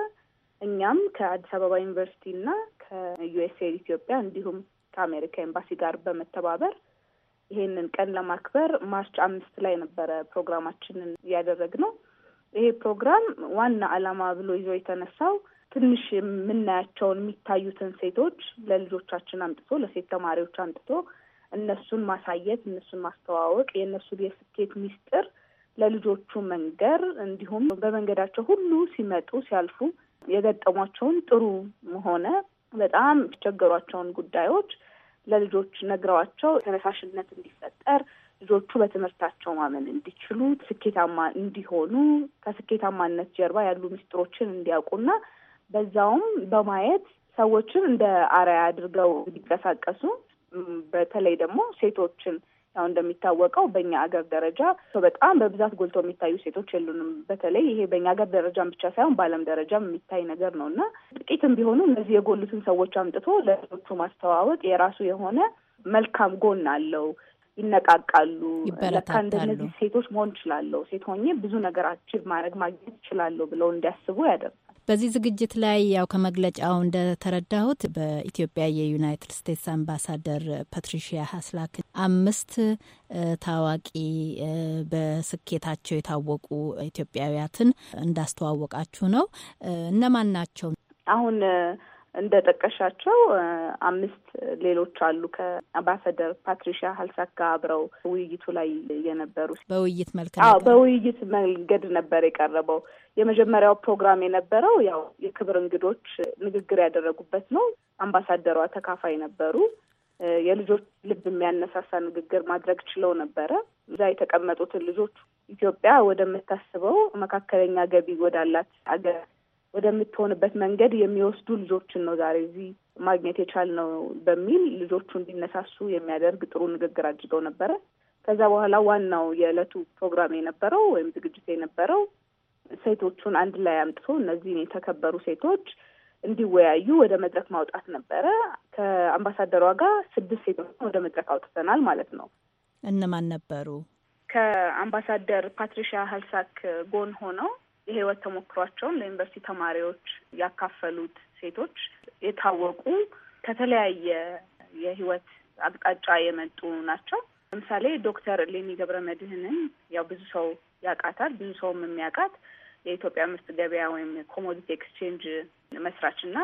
እኛም ከአዲስ አበባ ዩኒቨርሲቲ እና ከዩኤስኤድ ኢትዮጵያ እንዲሁም ከአሜሪካ ኤምባሲ ጋር በመተባበር ይሄንን ቀን ለማክበር ማርች አምስት ላይ ነበረ ፕሮግራማችንን ነው። ይሄ ፕሮግራም ዋና ዓላማ ብሎ ይዞ የተነሳው ትንሽ የምናያቸውን የሚታዩትን ሴቶች ለልጆቻችን አምጥቶ ለሴት ተማሪዎች አምጥቶ እነሱን ማሳየት፣ እነሱን ማስተዋወቅ፣ የእነሱን የስኬት ሚስጥር ለልጆቹ መንገር እንዲሁም በመንገዳቸው ሁሉ ሲመጡ ሲያልፉ የገጠሟቸውን ጥሩ ሆነ በጣም የተቸገሯቸውን ጉዳዮች ለልጆች ነግረዋቸው ተነሳሽነት እንዲፈጠር ልጆቹ በትምህርታቸው ማመን እንዲችሉ ስኬታማ እንዲሆኑ ከስኬታማነት ጀርባ ያሉ ምስጥሮችን እንዲያውቁና በዛውም በማየት ሰዎችን እንደ አርአያ አድርገው እንዲንቀሳቀሱ በተለይ ደግሞ ሴቶችን ያው እንደሚታወቀው በእኛ አገር ደረጃ በጣም በብዛት ጎልቶ የሚታዩ ሴቶች የሉንም። በተለይ ይሄ በእኛ አገር ደረጃም ብቻ ሳይሆን በዓለም ደረጃም የሚታይ ነገር ነው እና ጥቂትም ቢሆኑ እነዚህ የጎሉትን ሰዎች አምጥቶ ለሌሎቹ ማስተዋወቅ የራሱ የሆነ መልካም ጎን አለው። ይነቃቃሉ። ለካ እንደነዚህ ሴቶች መሆን እችላለሁ፣ ሴት ሆኜ ብዙ ነገር አችል ማድረግ ማግኘት እችላለሁ ብለው እንዲያስቡ ያደርግ በዚህ ዝግጅት ላይ ያው ከመግለጫው እንደተረዳሁት በኢትዮጵያ የዩናይትድ ስቴትስ አምባሳደር ፓትሪሺያ ሀስላክ አምስት ታዋቂ በስኬታቸው የታወቁ ኢትዮጵያውያትን እንዳስተዋወቃችሁ ነው። እነማን ናቸው? አሁን እንደ ጠቀሻቸው አምስት ሌሎች አሉ ከአምባሳደር ፓትሪሺያ ሀልሳክ ጋር አብረው ውይይቱ ላይ የነበሩ በውይይት መልክ አዎ በውይይት መንገድ ነበር የቀረበው። የመጀመሪያው ፕሮግራም የነበረው ያው የክብር እንግዶች ንግግር ያደረጉበት ነው። አምባሳደሯ ተካፋይ ነበሩ። የልጆች ልብ የሚያነሳሳ ንግግር ማድረግ ችለው ነበረ። እዛ የተቀመጡትን ልጆች ኢትዮጵያ ወደምታስበው መካከለኛ ገቢ ወዳላት አገር ወደምትሆንበት መንገድ የሚወስዱ ልጆችን ነው ዛሬ እዚህ ማግኘት የቻልነው በሚል ልጆቹ እንዲነሳሱ የሚያደርግ ጥሩ ንግግር አድርገው ነበረ። ከዛ በኋላ ዋናው የዕለቱ ፕሮግራም የነበረው ወይም ዝግጅት የነበረው ሴቶቹን አንድ ላይ አምጥቶ እነዚህን የተከበሩ ሴቶች እንዲወያዩ ወደ መድረክ ማውጣት ነበረ። ከአምባሳደሯ ጋር ስድስት ሴቶች ወደ መድረክ አውጥተናል ማለት ነው። እነማን ነበሩ? ከአምባሳደር ፓትሪሻ ሀልሳክ ጎን ሆነው የህይወት ተሞክሯቸውን ለዩኒቨርሲቲ ተማሪዎች ያካፈሉት ሴቶች የታወቁ ከተለያየ የህይወት አቅጣጫ የመጡ ናቸው። ለምሳሌ ዶክተር ሌኒ ገብረ መድህንን ያው ብዙ ሰው ያውቃታል። ብዙ ሰውም የሚያውቃት የኢትዮጵያ ምርት ገበያ ወይም ኮሞዲቲ ኤክስቼንጅ መስራችና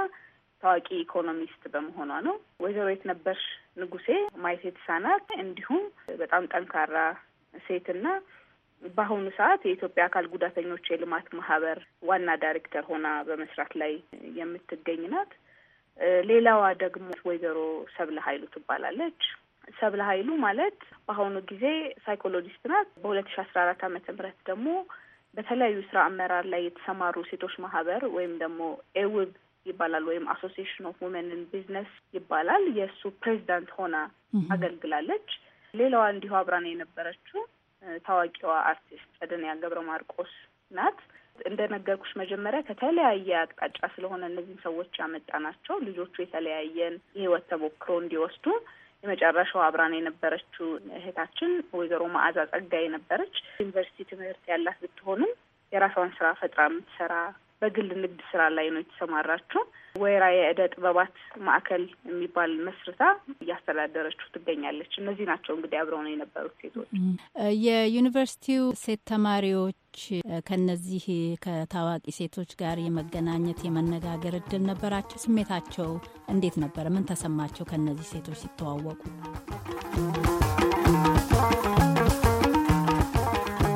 ታዋቂ ኢኮኖሚስት በመሆኗ ነው። ወይዘሮ የትነበርሽ ንጉሴ ማየት የተሳናት እንዲሁም በጣም ጠንካራ ሴትና በአሁኑ ሰዓት የኢትዮጵያ አካል ጉዳተኞች የልማት ማህበር ዋና ዳይሬክተር ሆና በመስራት ላይ የምትገኝ ናት። ሌላዋ ደግሞ ወይዘሮ ሰብለ ሀይሉ ትባላለች። ሰብለ ሀይሉ ማለት በአሁኑ ጊዜ ሳይኮሎጂስት ናት። በሁለት ሺ አስራ አራት አመተ ምህረት ደግሞ በተለያዩ ስራ አመራር ላይ የተሰማሩ ሴቶች ማህበር ወይም ደግሞ ኤውብ ይባላል ወይም አሶሲሽን ኦፍ ውመንን ቢዝነስ ይባላል የእሱ ፕሬዚዳንት ሆና አገልግላለች። ሌላዋ እንዲሁ አብራን የነበረችው ታዋቂዋ አርቲስት ጸደንያ ገብረ ማርቆስ ናት። እንደነገርኩሽ መጀመሪያ ከተለያየ አቅጣጫ ስለሆነ እነዚህን ሰዎች ያመጣ ናቸው ልጆቹ የተለያየን የህይወት ተሞክሮ እንዲወስዱ የመጨረሻው አብራን የነበረችው እህታችን ወይዘሮ መዓዛ ጸጋ የነበረች ዩኒቨርሲቲ ትምህርት ያላት ብትሆንም የራሷን ስራ ፈጥራ የምትሰራ በግል ንግድ ስራ ላይ ነው የተሰማራችው። ወይራ የእደ ጥበባት ማዕከል የሚባል መስርታ እያስተዳደረችው ትገኛለች። እነዚህ ናቸው እንግዲህ አብረው ነው የነበሩት ሴቶች። የዩኒቨርሲቲው ሴት ተማሪዎች ከነዚህ ከታዋቂ ሴቶች ጋር የመገናኘት የመነጋገር እድል ነበራቸው። ስሜታቸው እንዴት ነበረ? ምን ተሰማቸው? ከነዚህ ሴቶች ሲተዋወቁ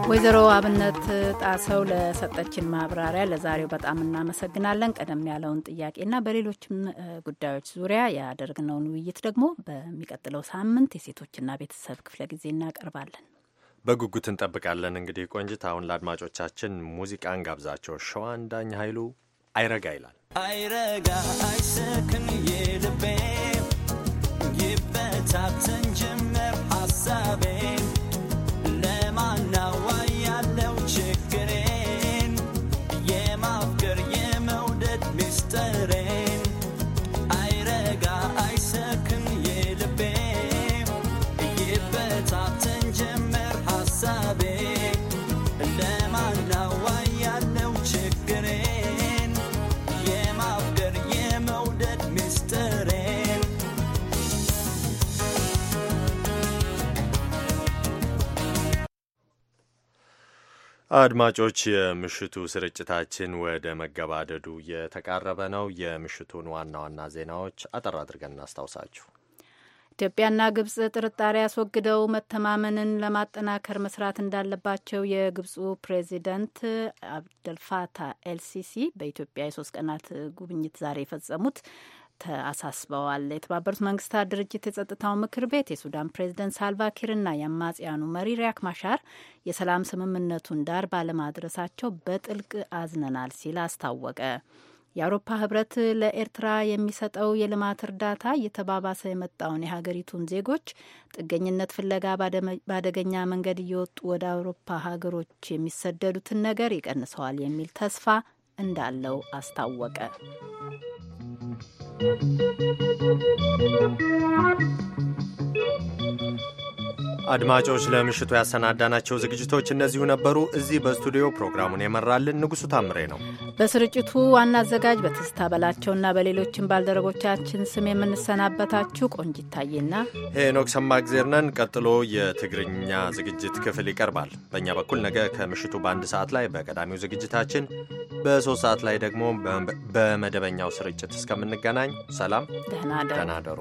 ወይዘሮ አብነት ጣሰው ለሰጠችን ማብራሪያ ለዛሬው በጣም እናመሰግናለን። ቀደም ያለውን ጥያቄና በሌሎችም ጉዳዮች ዙሪያ ያደረግነውን ውይይት ደግሞ በሚቀጥለው ሳምንት የሴቶችና ቤተሰብ ክፍለ ጊዜ እናቀርባለን። በጉጉት እንጠብቃለን። እንግዲህ ቆንጅት፣ አሁን ለአድማጮቻችን ሙዚቃን ጋብዛቸው። ዳኝ ኃይሉ አይረጋ ይላል። አይረጋ አይሰክን የልቤ ይበታተን ጀመር ሀሳቤ አድማጮች የምሽቱ ስርጭታችን ወደ መገባደዱ የተቃረበ ነው። የምሽቱን ዋና ዋና ዜናዎች አጠር አድርገን እናስታውሳችሁ። ኢትዮጵያና ግብጽ ጥርጣሬ አስወግደው መተማመንን ለማጠናከር መስራት እንዳለባቸው የግብፁ ፕሬዚደንት አብደልፋታ ኤልሲሲ በኢትዮጵያ የሶስት ቀናት ጉብኝት ዛሬ የፈጸሙት አሳስበዋል። የተባበሩት መንግስታት ድርጅት የጸጥታው ምክር ቤት የሱዳን ፕሬዝደንት ሳልቫኪርና የአማጽያኑ መሪ ሪያክ ማሻር የሰላም ስምምነቱን ዳር ባለማድረሳቸው በጥልቅ አዝነናል ሲል አስታወቀ። የአውሮፓ ህብረት ለኤርትራ የሚሰጠው የልማት እርዳታ እየተባባሰ የመጣውን የሀገሪቱን ዜጎች ጥገኝነት ፍለጋ በአደገኛ መንገድ እየወጡ ወደ አውሮፓ ሀገሮች የሚሰደዱትን ነገር ይቀንሰዋል የሚል ተስፋ እንዳለው አስታወቀ። Thank you. አድማጮች ለምሽቱ ያሰናዳናቸው ዝግጅቶች እነዚሁ ነበሩ። እዚህ በስቱዲዮ ፕሮግራሙን የመራልን ንጉሱ ታምሬ ነው። በስርጭቱ ዋና አዘጋጅ በትዝታ በላቸውና በሌሎችን ባልደረቦቻችን ስም የምንሰናበታችሁ ቆንጅ ይታይና ሄኖክ ሰማእግዜር ነን። ቀጥሎ የትግርኛ ዝግጅት ክፍል ይቀርባል። በእኛ በኩል ነገ ከምሽቱ በአንድ ሰዓት ላይ በቀዳሚው ዝግጅታችን፣ በሶስት ሰዓት ላይ ደግሞ በመደበኛው ስርጭት እስከምንገናኝ ሰላም፣ ደህና ደሩ።